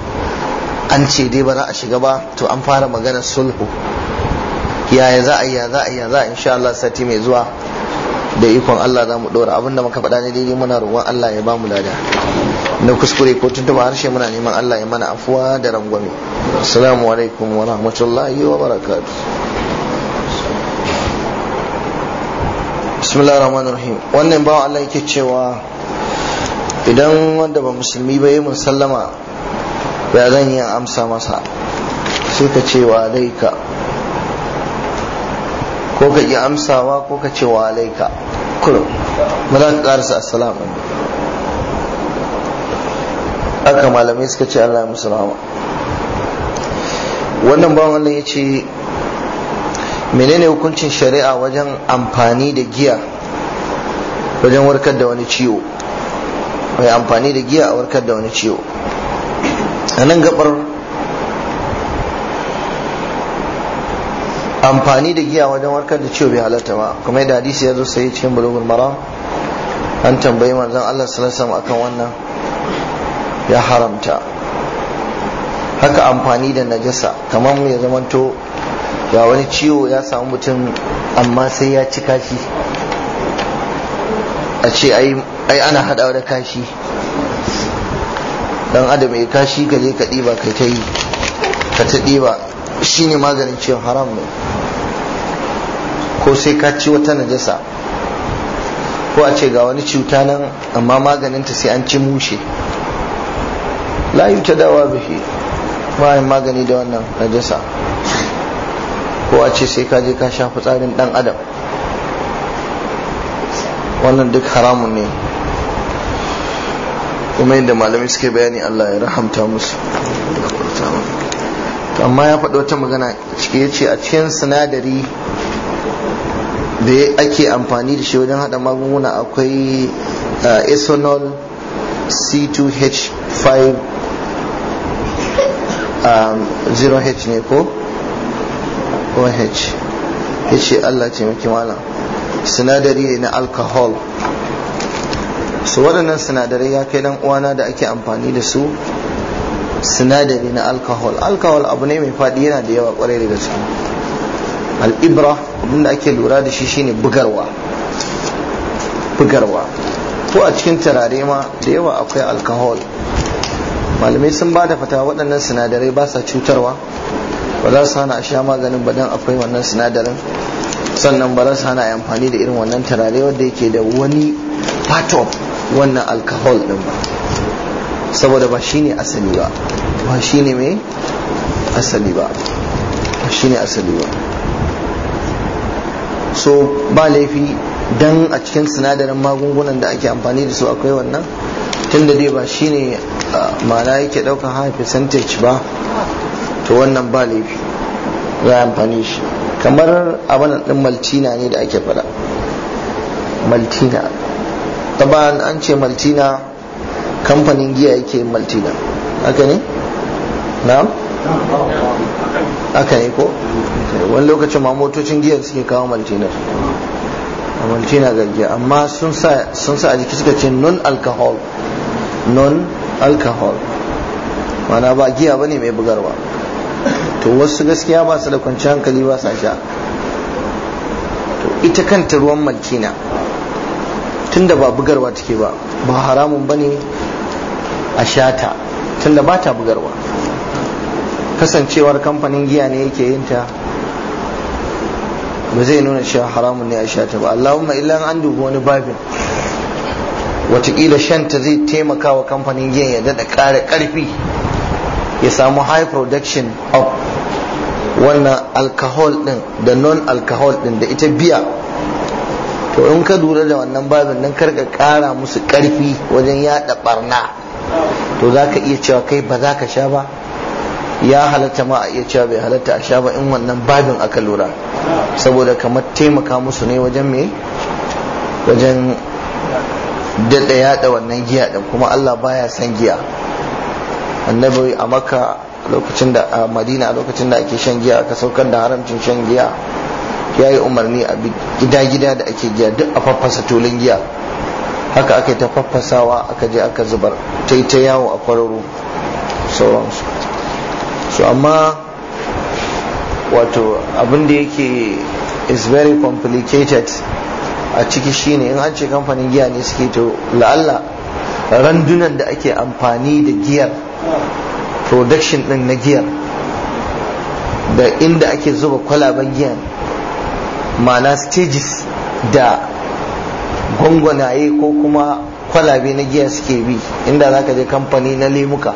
an ce dai ba za a shiga ba to an fara magana sulhu yaya za a yi ya za a yi ya za a insha Allah sati mai zuwa da ikon Allah za mu ɗora abin da muka faɗa ne daidai muna roƙon Allah ya ba mu lada na kuskure ko tuba harshe muna neman Allah ya mana afuwa da rangwame assalamu alaikum wa rahmatullahi wa barakatuh bismillahir rahmanir rahim wannan bawan Allah yake cewa idan wanda ba musulmi ba yi sallama ya zan yi amsa masa sai ka ce wa alaika ko ka ki amsawa ko ka ce wa alaika kullum ba za ka karasa ne. aka malamai suka ce Allah musu rama wannan bawan Allah ya ce menene hukuncin shari'a wajen amfani da giya wajen warkar da wani ciwo mai amfani da giya a warkar da wani ciwo a nan gabar amfani da giya wajen warkar da ciwo bai halatta ba kuma da hadisi ya zo sai cikin bulugul maram an tambayi manzon Allah sallallahu alaihi akan wannan ya haramta haka amfani da najasa kamar mu ya zamanto ga wani ciwo ya samu mutum amma sai ya ci kashi a ce ai ana hada da kashi dan adam ya kashi ka ka kai ta yi ka ta shine maganin cewa haram ne ko sai ka ci wata najasa ko a ce ga wani cuta nan amma maganinta sai an ci mushe layu ta dawa bihi bayan magani da wannan najasa ko a ce sai ka je ka sha fitsarin dan adam wannan duk haramun ne kuma yadda malamai suke bayani Allah ya rahamta musu da to amma ya faɗi wata magana ya ce a cikin sinadari da ake amfani da shi wajen haɗa magunguna akwai eh, ethanol c2h5 0h um, ne ko oh ya ce allah ce maki malam sinadari ne na alcohol su waɗannan sinadarai ya kai ɗan uwana da ake amfani da su sinadari na alkohol alkohol abu ne mai faɗi yana da yawa kwarai daga ciki, al'ibra abinda ake lura da shi shine bugarwa bugarwa ko a cikin turare ma da yawa akwai alkohol malamai sun ba da fata waɗannan sinadarai ba sa cutarwa ba za su hana a sha maganin ba don akwai wannan sinadarin sannan ba za su hana a amfani da irin wannan tarare wanda yake da wani part of wannan alkohol din ba saboda ba shi ne asali ba ba shi ne mai asali ba ba shi ne asali ba so ba laifi dan a cikin sinadarin magungunan da ake amfani da su akwai wannan tunda dai ba shi shine ma'ana yake dauka high percentage ba to wannan ba laifi za a amfani shi kamar abin ɗin maltina ne da ake faɗa maltina taban an ce maltina kamfanin giya yake yin maltina haka ne na'am haka ne ko wani lokacin ma motocin giya suke kawo Maltinar a Maltinar ga giya amma sun sa a jiki suka ce non alcohol non alcohol mana ba giya ba ne mai bugarwa to wasu gaskiya ba su da kwanciyar hankali ba sa sha to ita kanta ruwan malkina tunda ba bugarwa take ba ba haramun ba ne? a shata tunda ba ta bugarwa kasancewar kamfanin giya ne yake yin ta ba zai nuna cewa haramun ne a shata ba allahumma illan an dubi wani babin watakila shanta zai taimaka wa kamfanin giya ya daɗa ƙara ƙarfi ya samu high production of wannan alcohol ɗin da non-alcohol ɗin da ita biya to in ka lura da wannan babin nan karka ƙara musu karfi wajen yaɗa barna. to za ka iya cewa kai ba za ka sha ba ya halatta ma a iya cewa bai halatta a sha ba in wannan babin aka lura saboda kamar taimaka musu ne wajen me wajen daɗa yaɗa wannan giya ɗin kuma Allah baya san giya annabi a maka lokacin da a madina a lokacin da ake shan giya aka saukar da haramcin shan giya ya yi umarni a gida-gida da ake giya duk a faffasa tulun giya haka aka ta faffasawa aka je aka zubar ta yi ta yawo a kwararo sauransu so amma wato abin da yake is very complicated a ciki shine in an ce kamfanin giya ne suke to la'alla randunan da ake amfani da giyar production din na giyar da inda ake zuba kwalaben giyan ma'ana stages da gwangwanaye ko kuma kwalabe na giya suke bi inda za ka je kamfani na lemuka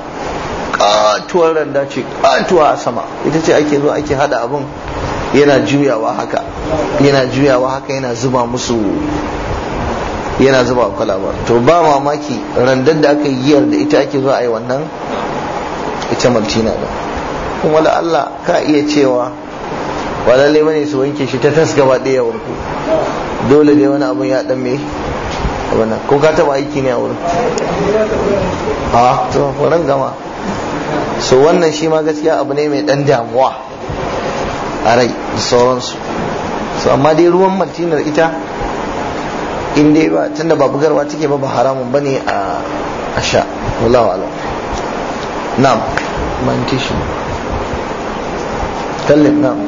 katuwar randa ce katuwa a sama ita ce ake zo ake hada abin yana juyawa haka yana juyawa haka yana zuba musu yana zuba kwalaba to ba mamaki randar da aka yi giyar da ita ake zuwa a yi wannan ita martina ba kuma da Allah ka iya cewa ba lalle bane su wanke shi ta tasgaba gaba ɗaya dole ne wani abun ya dan me wannan ko ka taba aiki ne a wurin a to wannan gama so wannan shi ma gaskiya abu ne mai dan damuwa a rai sauransu so amma dai ruwan martinar ita in dai ba tunda babu garwa take ba ba haramun bane a a sha wallahu alam na'am man tishi kallin na'am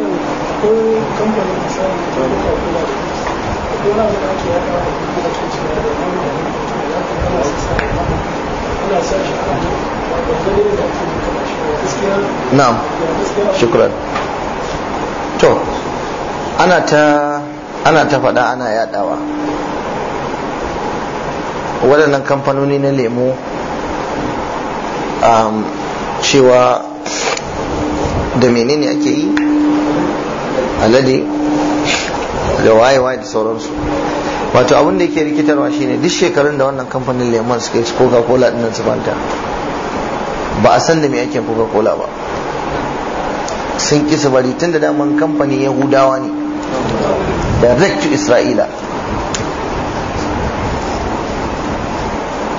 shukran to ana ta ana ta faɗa ana yaɗawa waɗannan kamfanoni na lemo um, cewa da menene ake yi alade da waye waye da sauransu wato abin da yake rikitarwa shine duk shekarun da wannan kamfanin lemon suka yi coca cola dinnan su fanta ba a san da me ake coca cola ba sun ki su bari tun da daman kamfanin yahudawa ne direct to isra'ila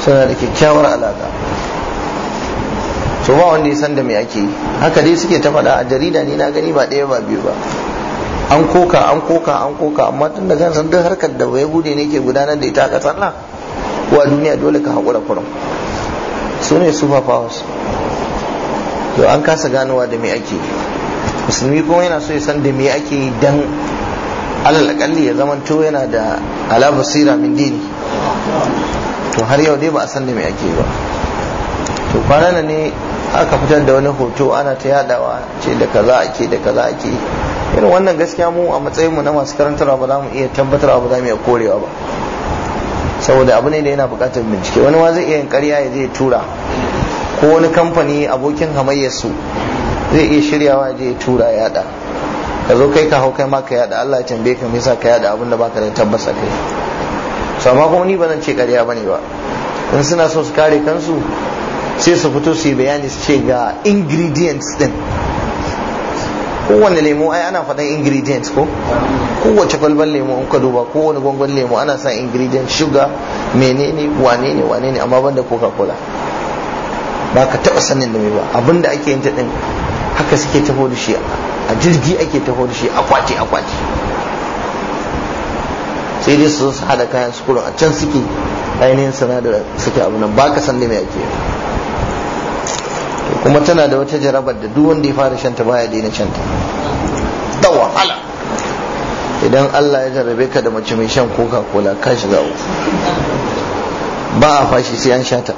suna da kyakkyawar alaka to ba wanda ya san da me ake yi haka dai suke ta faɗa a jarida ne na gani ba ɗaya ba biyu ba an koka an koka an koka amma tun da kan san duk harkar da bai gude ne ke gudanar da ita a kasar nan wa duniya dole ka hakura kurum su ne super powers to an kasa ganowa da me ake musulmi kuma yana so ya san da me ake dan alal akalli ya zaman to yana da ala basira min dini to har yau dai ba a san da me ake yi ba to kwana ne aka fitar da wani hoto ana ta yadawa ce da kaza ake da kaza ake irin wannan gaskiya mu a matsayin mu na masu karantarwa ba za mu iya tabbatarwa ba za mu iya korewa ba saboda abu ne da yana buƙatar bincike wani ma zai iya yin ƙarya ya zai tura ko wani kamfani abokin hamayya su zai iya shiryawa ya je ya tura ya yada ka zo kai ka hau kai ma ka yada Allah ya tambaye ka me yasa ka yada abin da baka da tabbasa kai sama kuma ni ba zan ce ƙarya bane ba in suna so su kare kansu sai su fito su yi bayani su ce ga ingredients din kowane lemo ai ana faɗan ingredients ko kowace kwalban lemo in ka duba kowane gwangwan lemo ana sa ingredients sugar menene wane ne wane ne amma banda coca cola ba ka taɓa sanin da mai ba abinda ake yin ta din haka suke taho da shi a jirgi ake taho da shi akwati akwati sai dai su zo su hada kayan su a can suke ainihin sanadar suke abu nan ba ka san da mai ake yi kuma tana da wata jarabar da duk wanda ya fara shanta baya daina shanta da wahala idan Allah ya jarabe ka da mace mai shan koka kola ka shiga uku ba a fashi sai an shata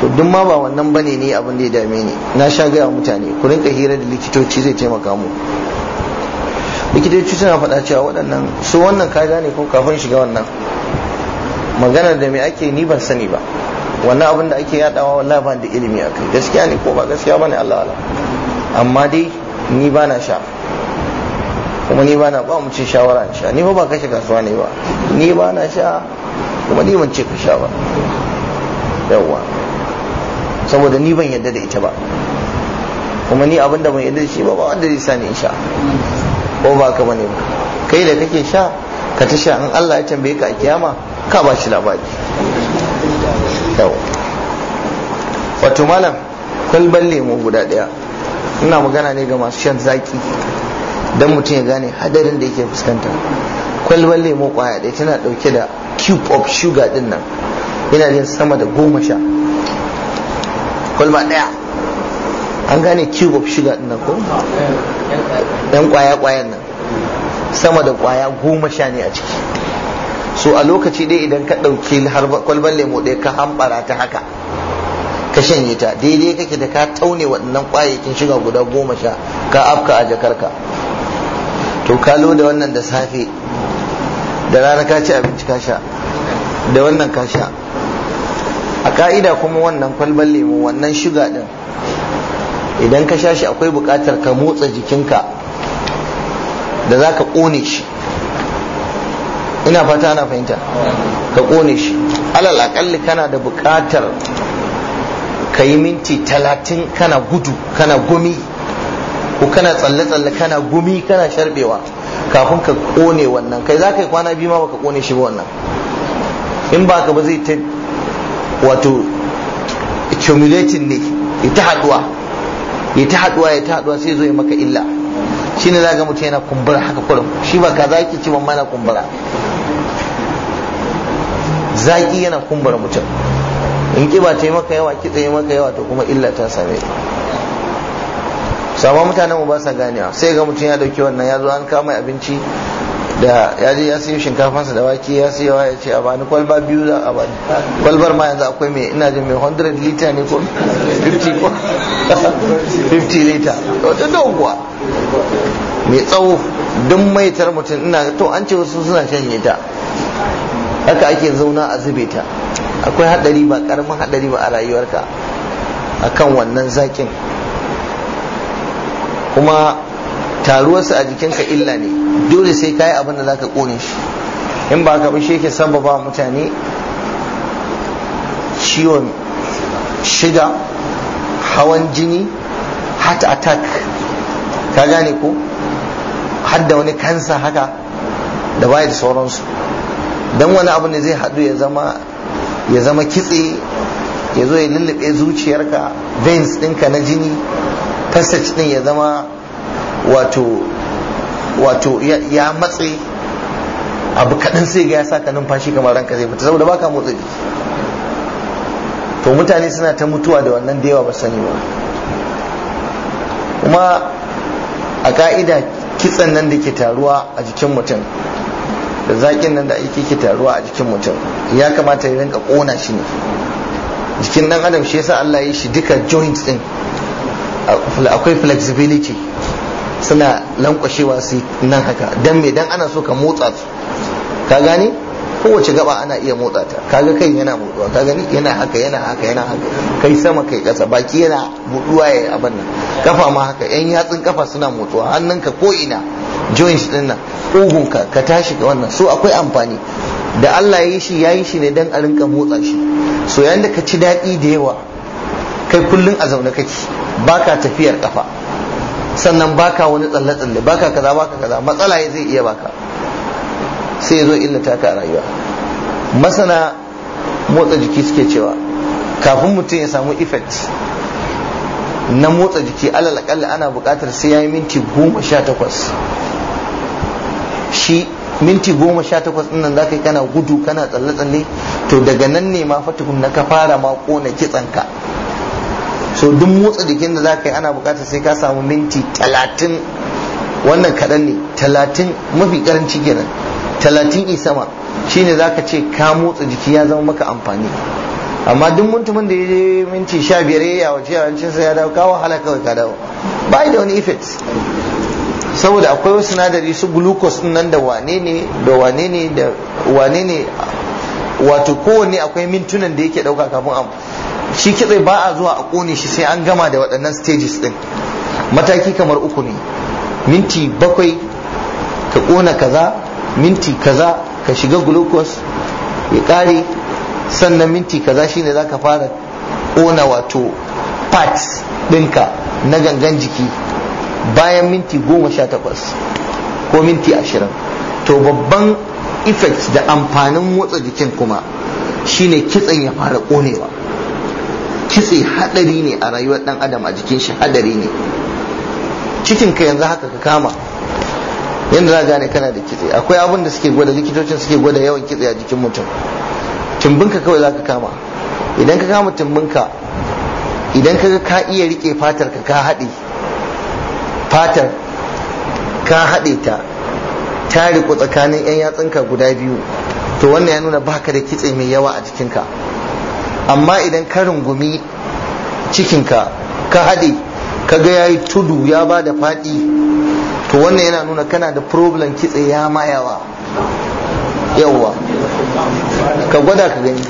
to duk ma ba wannan bane ne abin da ya dame ni na sha gaya mutane ku rinka hira da likitoci zai taimaka mu likitoci suna faɗa cewa waɗannan su wannan ka gane ko kafin shiga wannan maganar da mai ake ni ban sani ba wannan abin da ake yadawa wallahi ban da ilimi kai gaskiya ne ko ba gaskiya ne Allah Allah amma dai ni ba na sha kuma ni ba na ba mu ce shawara in sha ni ba ba kashe kasuwa ne ba ni ba na sha kuma ni ban ce ka sha ba yawwa saboda ni ban yadda da ita ba kuma ni abin da ban yadda da shi ba ba wanda zai sani in sha ko ba ka bane ba kai da kake sha ka ta sha in Allah ya tambaye ka a kiyama ka ba shi labari kyau wato malam kwalban lemo guda daya ina magana ne ga masu shan zaki don mutum ya gane hadarin da yake fuskanta kwalban lemo kwaya daya tana dauke da cube of sugar din nan yana jin sama da goma sha kwalba ɗaya an gane cube of sugar din nan ko dan kwaya kwayan nan sama da kwaya goma sha ne a ciki so a lokaci dai idan ka ɗauki kwalban lemo ɗaya ka hambara ta haka ka shanye ta daidai kake da ka taune waɗannan ƙwayayyakin shiga guda goma sha ka afka a jakarka to ka da wannan da safe da rana ka ci abinci ka sha da wannan ka sha a ka'ida kuma wannan kwalban lemo wannan shuga ɗin idan ka sha shi akwai buƙatar ka motsa jikinka da za ka ƙone shi ina fata ana fahimta ka kone shi alal akalli kana da buƙatar ka yi minti talatin kana gudu kana gumi ko kana tsalle-tsalle kana gumi kana sharbewa kafin ka kone wannan kai za ka yi kwana biyu ma baka kone shi ba wannan in ba ka ba zai ta wato accumulating ne ya ta haduwa ya ta haduwa ya ta haduwa sai zo ya maka illa shine za ga mutum yana kumbura haka kurum shi ba ka za ki ci ban mana kumbura zaki yana kumbar mutum in kiba ta yi maka yawa ki yi maka yawa to kuma illa ta same ka sama mutanen mu ba sa ganewa sai ga mutum ya dauki wannan ya zo an kama abinci da ya je ya sayo shinkafansa da wake ya sayo ya ce a bani kwalba biyu za a bani kwalbar ma yanzu akwai mai ina jin mai 100 liter ne ko 50 ko 50 liter wata doguwa mai tsawo duk maitar mutum ina to an ce wasu suna yi ta haka ake zauna a zube ta akwai hadari ba karamin hadari ba a rayuwarka kan wannan zakin kuma taruwarsa a jikinka illa ne dole sai ka yi abin da ka kone shi in ba ka bishe ke ba mutane ciwon shiga hawan jini heart attack ka gane ko hadda wani kansa haka da baya da sauransu don wani abu ne zai haɗu ya zama kitse ya zo ya lullube zuciyarka veins ɗinka na jini passage ɗin ya zama wato wato ya matse abu kaɗan sai ga ya saka numfashi kamar ranka zai fita saboda baka motsa jiki to mutane suna ta mutuwa da wannan da yawa ba sani ba kuma a ka'ida kitsan nan da ke taruwa a jikin mutum da zakin nan da ake ke taruwa a jikin mutum ya kamata ya rinka kona shi ne jikin ɗan adam shi yasa Allah ya shi duka joints din akwai flexibility suna lankwashewa su nan haka dan me dan ana so ka motsa su ka gane kowace gaba ana iya motsa ta kaga kai yana motsuwa ka gani yana haka yana haka yana haka kai sama kai kasa baki yana buduwa ya abin nan kafa ma haka yan yatsun kafa suna motsuwa hannunka ko ina joints din nan ƙugunka ka tashi ga wannan so akwai amfani da Allah ya yi shi ya yi shi ne dan a rinka motsa shi so yayin da ka ci daɗi da yawa kai kullum a zaune kake baka tafiyar kafa sannan baka wani tsalle tsalle baka kaza baka kaza matsala zai iya baka sai zo illata ka a rayuwa masana motsa jiki suke cewa kafin mutum ya samu effect na motsa jiki alal ana buƙatar sai ya yi minti goma sha takwas shi minti goma sha takwas dinnan za zaka yi kana gudu kana tsalle tsalle to daga nan ne ma fa na ka fara ma kona kitsanka so duk motsa jikin da zaka yi ana bukatar sai ka samu minti talatin wannan kaɗan ne talatin mafi karanci kenan talatin isama shine ka ce ka motsa jiki ya zama maka amfani amma duk mutumin da ya je minti sha biyar ya yi a ya dawo ka wahala kawai ka dawo ba da wani effect saboda akwai wasu sinadari su glucose nan da wane ne da wane ne da wane ne wato kowanne akwai mintunan da yake dauka kafin a shi kitse ba a zuwa a kone shi sai an gama da waɗannan stages din mataki kamar uku ne minti bakwai ka kona kaza minti kaza ka shiga glucose ya ƙare sannan minti kaza shine za ka fara kona wato parts ɗinka na gangan jiki bayan minti goma sha takwas ko minti ashirin to babban effect da amfanin motsa jikin kuma shine kitsen ya fara konewa kitse hadari ne a rayuwar dan adam a jikin shi hadari ne cikin ka yanzu haka ka kama yanda za gane kana da kitse akwai abin da suke gwada likitocin suke gwada yawan kitse a jikin mutum tumbinka kawai za ka kama idan ka kama tumbinka idan ka ka iya rike fatar ka ka haɗe fatar ka haɗe ta ta riƙo tsakanin 'yan yatsunka guda biyu to wannan ya nuna baka da kitse mai yawa a jikinka amma idan ka rungumi cikinka ka haɗe ka ga ya yi tudu ya ba da faɗi to wannan yana nuna kana da problem kitse ya ma yawa yawa ka gwada ka gani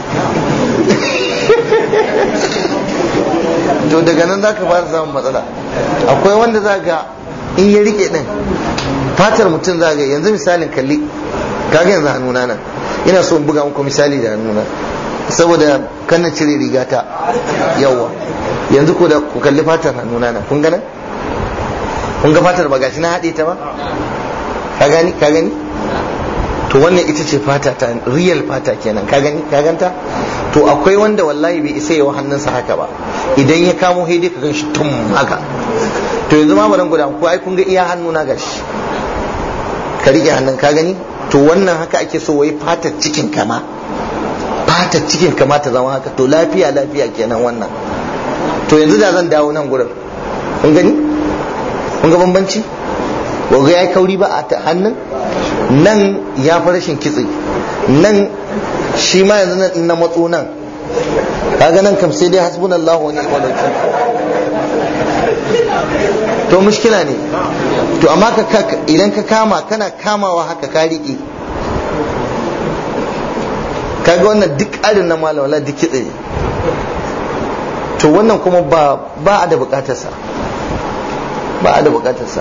to daga nan za ka fara samun matsala akwai wanda za ga in ya rike din fatar mutum za ga yanzu misalin kalli kaga yanzu hannuna nan ina so in buga muku misali da hannuna saboda kanna cire rigata yawa yanzu ko da ku kalli fatar hannuna nan kun ga nan kun ga fatar ba gashi na haɗe ta ba ka gani ka gani to wannan ita ce fata ta real fata kenan ka gani ka ganta to akwai wanda wallahi bai isa yawa hannunsa haka ba idan ya kamo haidai ka ganshi tun haka to yanzu ma baran guda ko ai kun ga iya hannu na gashi ka rike hannun ka gani to wannan haka ake so wai fatar cikin kama fatar cikin kama ta zama haka to lafiya lafiya kenan wannan to yanzu da zan dawo nan gurin kun gani kun ga bambanci ba ga yayi kauri ba a hannun nan ya fi rashin kitse nan shi ma yanzu nan na matso nan kaga nan kam sai dai hasbun Allah wani wakil to mushkila ne to amma ka idan ka kama kana kamawa haka ka riƙe kaga wannan duk arin na malawala duk kitse ne to wannan kuma ba a da bukatarsa ba a da bukatarsa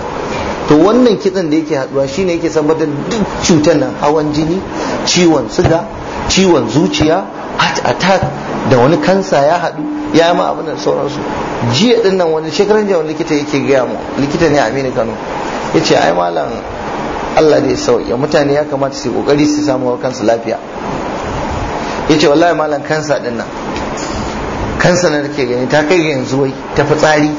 to wannan kitsan da yake haduwa shine yake samar da duk cutar nan hawan jini ciwon suga ciwon zuciya heart attack da wani kansa ya haɗu ya ma abin da sauransu jiya din nan wani shekaran jiya wani likita yake gaya mu likita ne Aminu Kano Ya ce ai malam Allah da ya sauya mutane ya kamata su kokari su samu kansu lafiya Ya ce wallahi malam kansa din nan kansa na da gani ta kai yanzu wai ta fitsari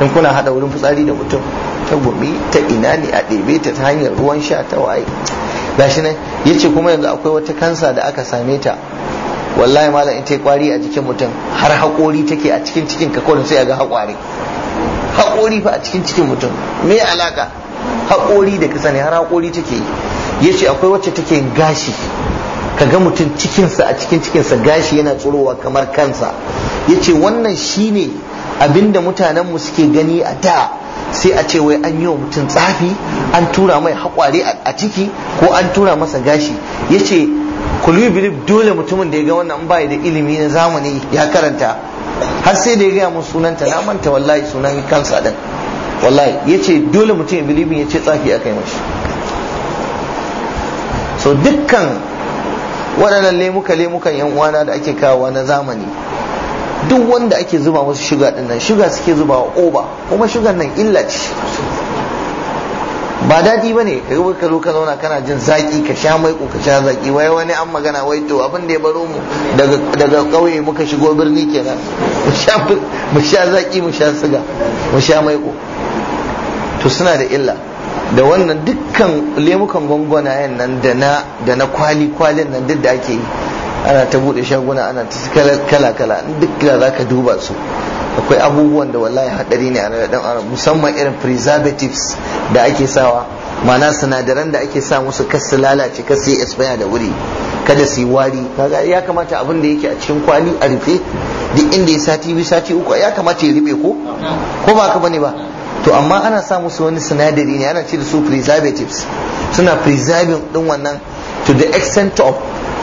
in kuna haɗa wurin fitsari da mutum ta gumi ta ina ne a ɗebe ta ta hanyar ruwan sha ta waye gashi nan yace kuma yanzu akwai wata kansa da aka same ta wallahi malam in tai kwari a jikin mutum har haƙori take a cikin cikin ka kawai sai ga haƙwari haƙori fa a cikin cikin mutum me alaka haƙori da ka sani har haƙori take yi yace akwai wacce take gashi Ka ga mutum cikinsa a cikin cikinsa gashi yana tsurowa kamar kansa yace wannan shine abinda mutanenmu suke gani a da sai a ce wai an yi wa mutum tsafi an tura mai hakware a ciki ko an tura masa gashi ya ce kulubirib dole mutumin da ya ga wannan ba da ilimi na zamani ya karanta har sai da ya gaya mun sunanta na manta wallahi sunan kansa din wallahi ya ce dole mutum ya bilibin ya ce tsafi aka yi mashi so dukkan waɗannan lemuka lemukan yan uwana da ake kawo na zamani duk wanda ake zuba musu shuga din nan shuga suke zuba wa oba kuma shugan nan illa ce ba daɗi ba ne ka zo ka zauna kana jin zaƙi ka sha mai ka sha zaƙi wai wani an magana wai to abin da ya baro mu daga ƙauye muka shigo birni kenan mu sha zaƙi mu sha siga mu sha mai to suna da illa da wannan dukkan lemukan yan nan da na kwali kwalin nan duk da ake yi ana ta bude shaguna ana ta kala kala duk da zaka duba su akwai abubuwan da wallahi hadari ne a dan arab musamman irin preservatives da ake sawa mana sinadaran da ake sa musu kasu su lalace kar su yi expire da wuri kada su yi wari kaga ya kamata abin da yake a cikin kwali a rufe duk inda ya sati biyu sati uku ya kamata ya rufe ko ko ba ka bane ba to amma ana sa musu wani sinadari ne ana ce da su preservatives suna preserving din wannan to the extent of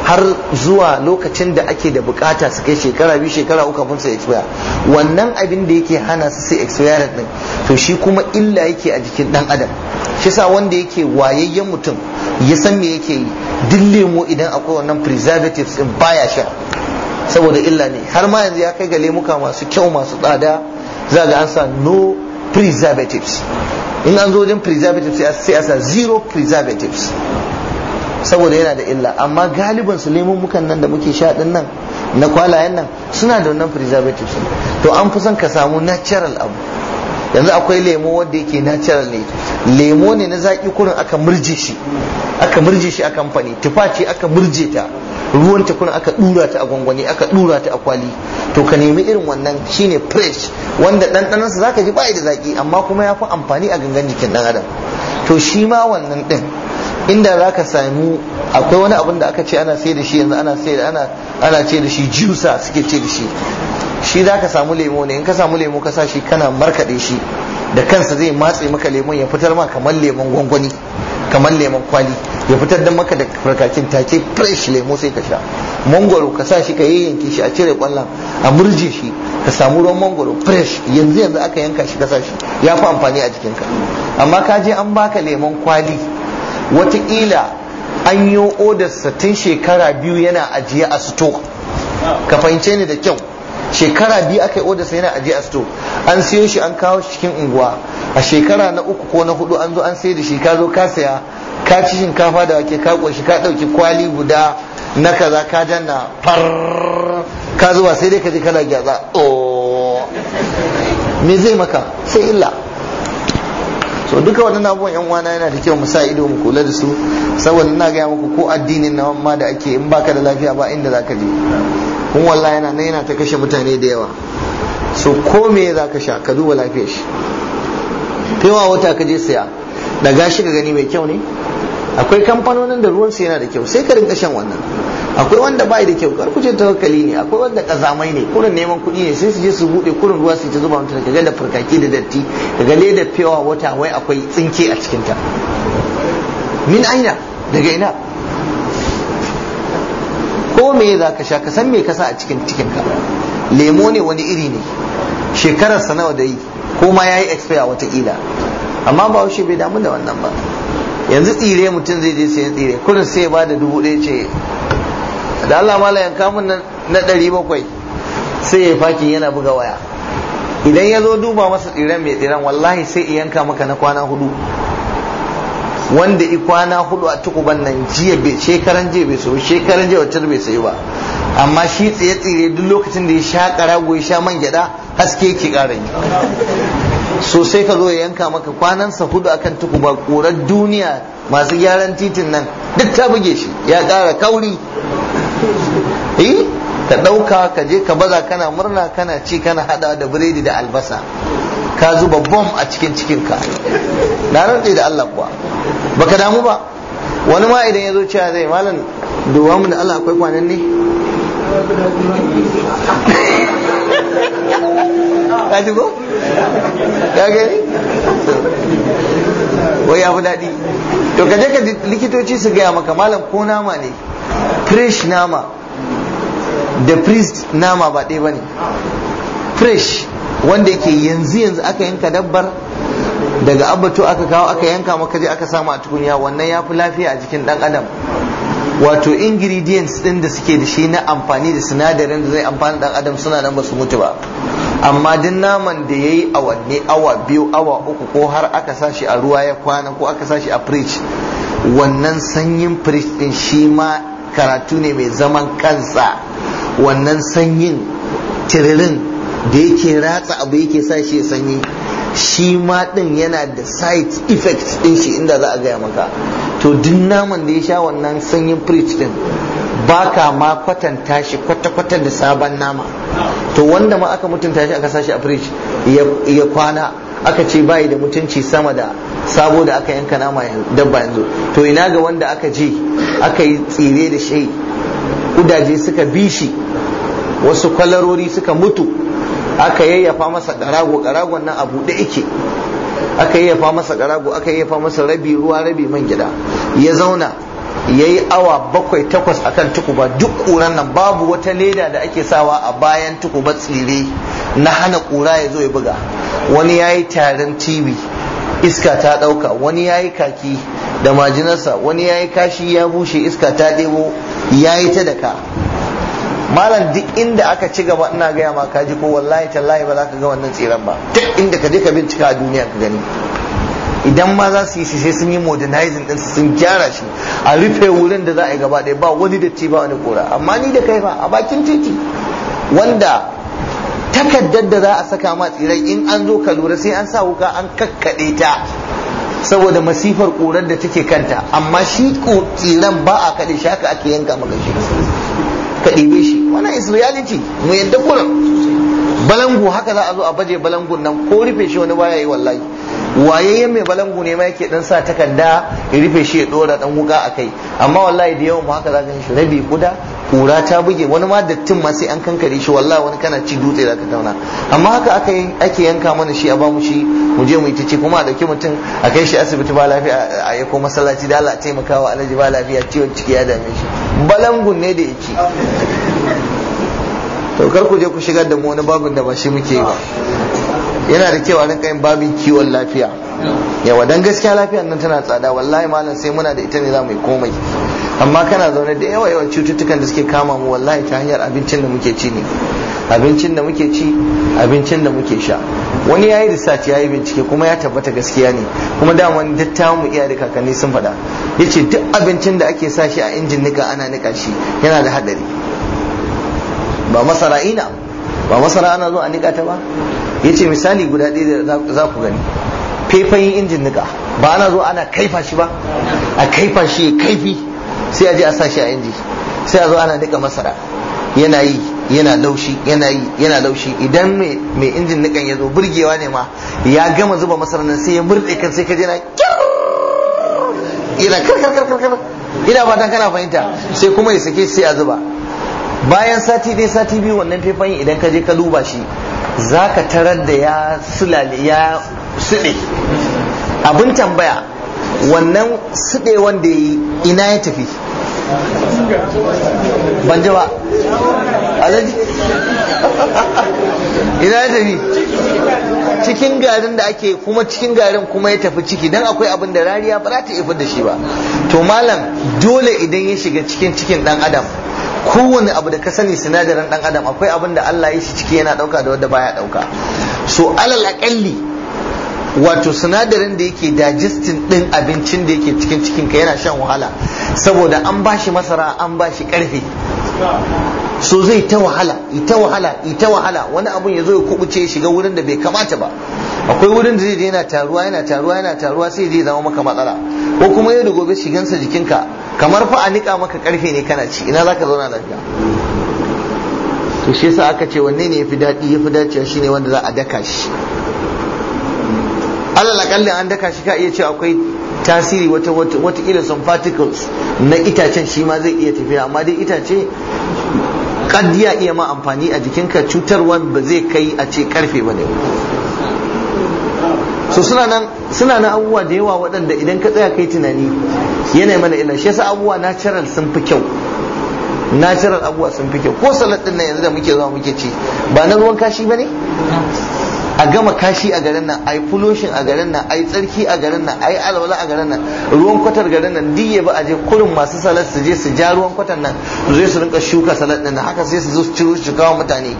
har zuwa lokacin da ake da bukata su kai shekara biyu shekara uku kafin su expire wannan abin da yake hana su sai expire din to shi kuma illa yake a jikin dan adam shi sa wanda yake wayayyen mutum ya san me yake yi duk idan akwai wannan preservatives din baya sha saboda illa ne har ma yanzu ya kai ga lemuka masu kyau masu tsada za ga an sa no preservatives in an zo wajen preservatives sai a sa zero preservatives saboda yana da illa amma galiban su lemun mukan nan da muke sha din nan na kwalayen nan suna da wannan preservatives to an fi son ka samu natural abu yanzu akwai lemo wanda yake natural ne lemo ne na zaki kurin aka murje shi aka murje shi a kamfani tufa ce aka murje ta ruwan ta kurin aka dura ta a gwangwani aka dura ta a kwali to ka nemi irin wannan shine fresh wanda ɗanɗanon sa zaka ji ba da zaki amma kuma ya fi amfani a gangan jikin ɗan adam to shi ma wannan ɗin inda za ka sami akwai wani abin da aka ce ana sai da shi yanzu ana sai ana ana ce da shi jusa suke ce da shi shi za ka samu lemo ne in ka samu lemo ka sa shi kana markaɗe shi da kansa zai matse maka lemon ya fitar ma kamar lemon gwangwani kamar lemon kwali ya fitar da maka da farkakin take fresh lemo sai ka sha mangoro ka sa shi ka yayyanke shi a cire kwallon a murje shi ka samu ruwan mangoro fresh yanzu yanzu aka yanka shi ka sa shi ya fi amfani a jikinka amma ka je an baka lemon kwali wataƙila an yi odarsa tun shekara biyu yana ajiye a sito ka fahimce ni da kyau shekara biyu aka yi odarsa yana ajiye a sito an siyo shi an kawo shi cikin unguwa a shekara na uku ko na hudu an zo an sayar da shi ka zo ka saya ka ci shinkafa da wake ka koshi ka ɗauki kwali guda na kaza ka janna far ka zuwa sai dai ka je kana gyaza oh. me zai maka sai illa so duka wannan abubuwan yan uwana yana da kyau mu sa ido mu kula da su saboda ina gaya muku ko addinin na ma da ake in baka da lafiya ba inda zaka je kun wallahi yana nan yana ta kashe mutane da yawa so ko me zaka sha ka duba lafiyar shi kaiwa wata ka je saya da gashi ka gani mai kyau ne akwai kamfanonin da ruwan su yana da kyau sai ka rinka shan wannan akwai wanda bai da kyau karkuce tawakkali ne akwai wanda kazamai ne kurin neman kuɗi ne sai su je su bude kurin ruwa su ta zuba mata ga da farkaki da datti kaga da fewa wata wai akwai tsinke a cikin ta min aina daga ina ko me za ka sha ka san me ka sa a cikin cikin ka lemo ne wani iri ne shekarar nawa da yi ko ma yayi expire watakila amma ba shi bai damu da wannan ba yanzu tsire mutum zai je sayan tsire kurin sai ba da dubu ɗaya ce da Allah mala yanka mun na ɗari bakwai sai ya fakin yana buga waya idan ya zo duba masa tsiran mai tsiran wallahi sai ya yanka maka na kwana hudu wanda i kwana hudu a tukuban nan jiya bai shekaran jiya bai sayo shekaran jiya wacce bai sayo ba amma shi tsiye tsire duk lokacin da ya sha karago ya sha man gyada haske yake kara yi so sai ka zo ya yanka maka kwanan sa hudu akan tukuba korar duniya masu gyaran titin nan duk ta buge shi ya kara kauri eh ka ɗauka ka je ka baza kana murna kana ci kana hada da biredi da albasa ka zuba bom a cikin cikinka na rantsi da Allah kuwa baka damu ba wani ma idan ya zo cewa zai malam duwa mu da Allah akwai kwanan ne ka ji ko ka gani wai ya fi daɗi to ka je ka likitoci su gaya maka malam ko nama ne fresh nama da priest nama ba ɗaya bane fresh wanda yake yanzu yanzu aka yanka dabbar daga abato aka kawo aka yanka maka je aka samu a tukunya wannan ya fi lafiya a jikin dan adam wato ingredients ɗin da suke da shi na amfani da sinadarin da zai amfani dan adam suna nan ba su mutu ba amma duk naman da yayi awanni awa biyu awa uku ko har aka sashi a ruwa ya kwana ko aka sashi a fridge wannan sanyin fridge ɗin shi ma karatu ne mai zaman kansa wannan sanyin tiririn da yake ratsa abu yake sa shi sanyi shi ma din yana da side effect din shi inda za a gaya maka to duk naman da ya sha wannan sanyin fridge din baka ma kwatanta shi kwata-kwata da sabon nama to wanda ma aka mutunta shi aka sashi a fridge ya kwana aka ce bai da mutunci sama da sabo da aka yanka nama dabba yanzu to ina ga wanda aka je aka yi tsire da shi kudaje suka bishi wasu kwalarori suka mutu aka yayyafa masa karago karagon nan abu da yake aka yayyafa masa karago aka yayyafa masa rabi ruwa rabi man gida ya zauna ya yi awa bakwai takwas a kan tukuba duk ƙuran nan babu wata leda da ake sawa a bayan tukuba tsire na hana ƙura ya zo ya buga wani ya yi tarin TV iska ta ɗauka wani ya yi kaki da majinarsa wani ya yi kashi ya bushe iska ta ɗebo ya yi ta daka malam duk inda aka ci gaba ina gaya ma kaji ko wallahi tallahi ba za ka ga wannan tsiran ba duk inda ka je ka bincika a duniya ka gani idan ma za su yi shi sai sun yi modernizing din sun gyara shi a rufe wurin da za a yi gaba ɗaya ba wani datti ba wani kora amma ni da kai fa a bakin titi wanda takaddar da za a saka ma tsirai in an zo ka lura sai an sa wuka an kakkaɗe ta saboda masifar ƙurar da take kanta amma shi tsiran ba a kaɗe shi haka ake yanka maka shi ka ɗebe shi wannan is reality mu yadda kuran balangu haka za a zo a baje balangun nan ko rufe shi wani baya yi wallahi wayayyen mai balangu ne ma yake dan sa takarda ya rufe shi ya dora dan wuka a kai amma wallahi da yawan haka zaka shi rabi kuda kura ta buge wani ma dattin ma sai an kankare shi wallahi wani kana ci dutse zaka tauna amma haka aka ake yanka mana shi a bamu shi mu je mu yi ce kuma a dauki mutum a kai shi asibiti ba lafiya a yi ko masallaci da Allah taimakawa alaji ba lafiya ciwon ciki ya dame shi balangun ne da yake to kar ku je ku shigar da mu wani babun da ba shi muke ba yana da kyau a rinka yin babin kiwon lafiya yawa dan gaskiya lafiyar nan tana tsada wallahi malam sai muna da ita ne za mu yi komai amma kana zaune da yawa yawan cututtukan da suke kama mu wallahi ta hanyar abincin da muke ci ne abincin da muke ci abincin da muke sha wani yayi ya yi bincike kuma ya tabbata gaskiya ne kuma da wani dattawan mu iyaye da kakanni sun faɗa yace duk abincin da ake sa a injin nika ana nika shi yana da hadari ba masara ina ba masara ana zo a nika ta ba yace misali guda ɗaya da za ku gani faifayin injin nika ba ana zo ana kaifa shi ba a kaifa shi ya kaifi sai a je a sa shi a inji sai a zo ana nika masara yana yi yana laushi yana yi yana laushi idan mai injin nikan ya zo burgewa ne ma ya gama zuba masarar nan sai ya murɗe kan sai ka je na ina karkarkarkarkar ina fatan kana fahimta sai kuma ya sake sai a zuba bayan sati ɗaya sati biyu wannan faifayin idan ka je ka duba shi za ka tarar da ya sulale ya suɗe abin tambaya wannan suɗe wanda ya yi ina ya tafi ban ji ba alaji ina ya tafi cikin garin da ake kuma cikin garin kuma ya tafi ciki don akwai abin da rariya ba za ta ifar da shi ba to malam dole idan ya shiga cikin cikin dan adam kowane abu da ka sani sinadarin dan adam akwai abin da Allah ya shi ciki yana dauka da wanda baya dauka so alal akalli wato sinadarin da yake digesting din abincin da yake cikin cikin ka yana shan wahala saboda an bashi masara an bashi karfi so zai ta wahala ita wahala ita wahala wani abun ya zo ya kubuce ya shiga wurin da bai kamata ba akwai wurin da zai yana taruwa yana taruwa yana taruwa sai zai zama maka matsala ko kuma yau da gobe shigansa jikinka kamar fa a niƙa maka karfe ne kana ci ina zaka zauna lafiya to shi yasa aka ce wanne ne yafi daɗi yafi dacewa shine wanda za a daka shi alal akalli an daka shi ka iya ce akwai tasiri wata wata kila sun particles na itacen shi ma zai iya tafiya amma dai itace kaddiya iya ma amfani a jikinka cutarwa ba zai kai a ce karfe ba ne so suna nan abubuwa da yawa waɗanda idan ka tsaya kai tunani Yanayi mana ina shi yasa abubuwa natural sun fi kyau natural abubuwa sun fi kyau ko salad din nan yanzu da muke zuwa muke ci ba na ruwan kashi bane a gama kashi a garin nan ai pollution a garin nan ai tsarki a garin nan ai alwala a garin nan ruwan kwatar garin nan duk ba a je kurin masu salat su je su ja ruwan kwatar nan su je su rinka shuka salad din haka sai su zo su ciro su kawo mutane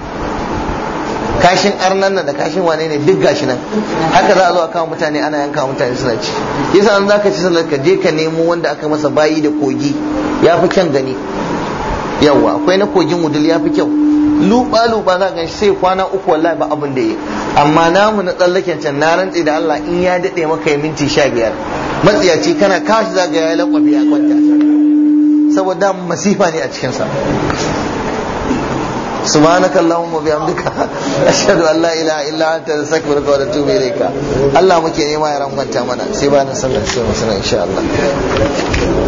kashin arnan nan da kashin wane ne duk gashi nan haka za a zo a kawo mutane ana yanka mutane suna ci yasa an zaka ci sanar ka je ka nemo wanda aka masa bayi da kogi ya fi kyan gani yawa akwai na kogin wudul ya fi kyau luba luba za ka sai kwana uku wallahi ba abin da yi amma namu na tsallaken can na rantse da Allah in ya dade maka ya minti 15 biyar matsiyaci kana kashi zagaya ya lakwabi ya kwanta saboda masifa ne a cikin sa subhanaka allahumma bihamdika ashhadu an la ilaha illa anta astaghfiruka tu atubu ilayka Allah muke nema ya ramanta mana sai bayan sallar sai mu sanar insha Allah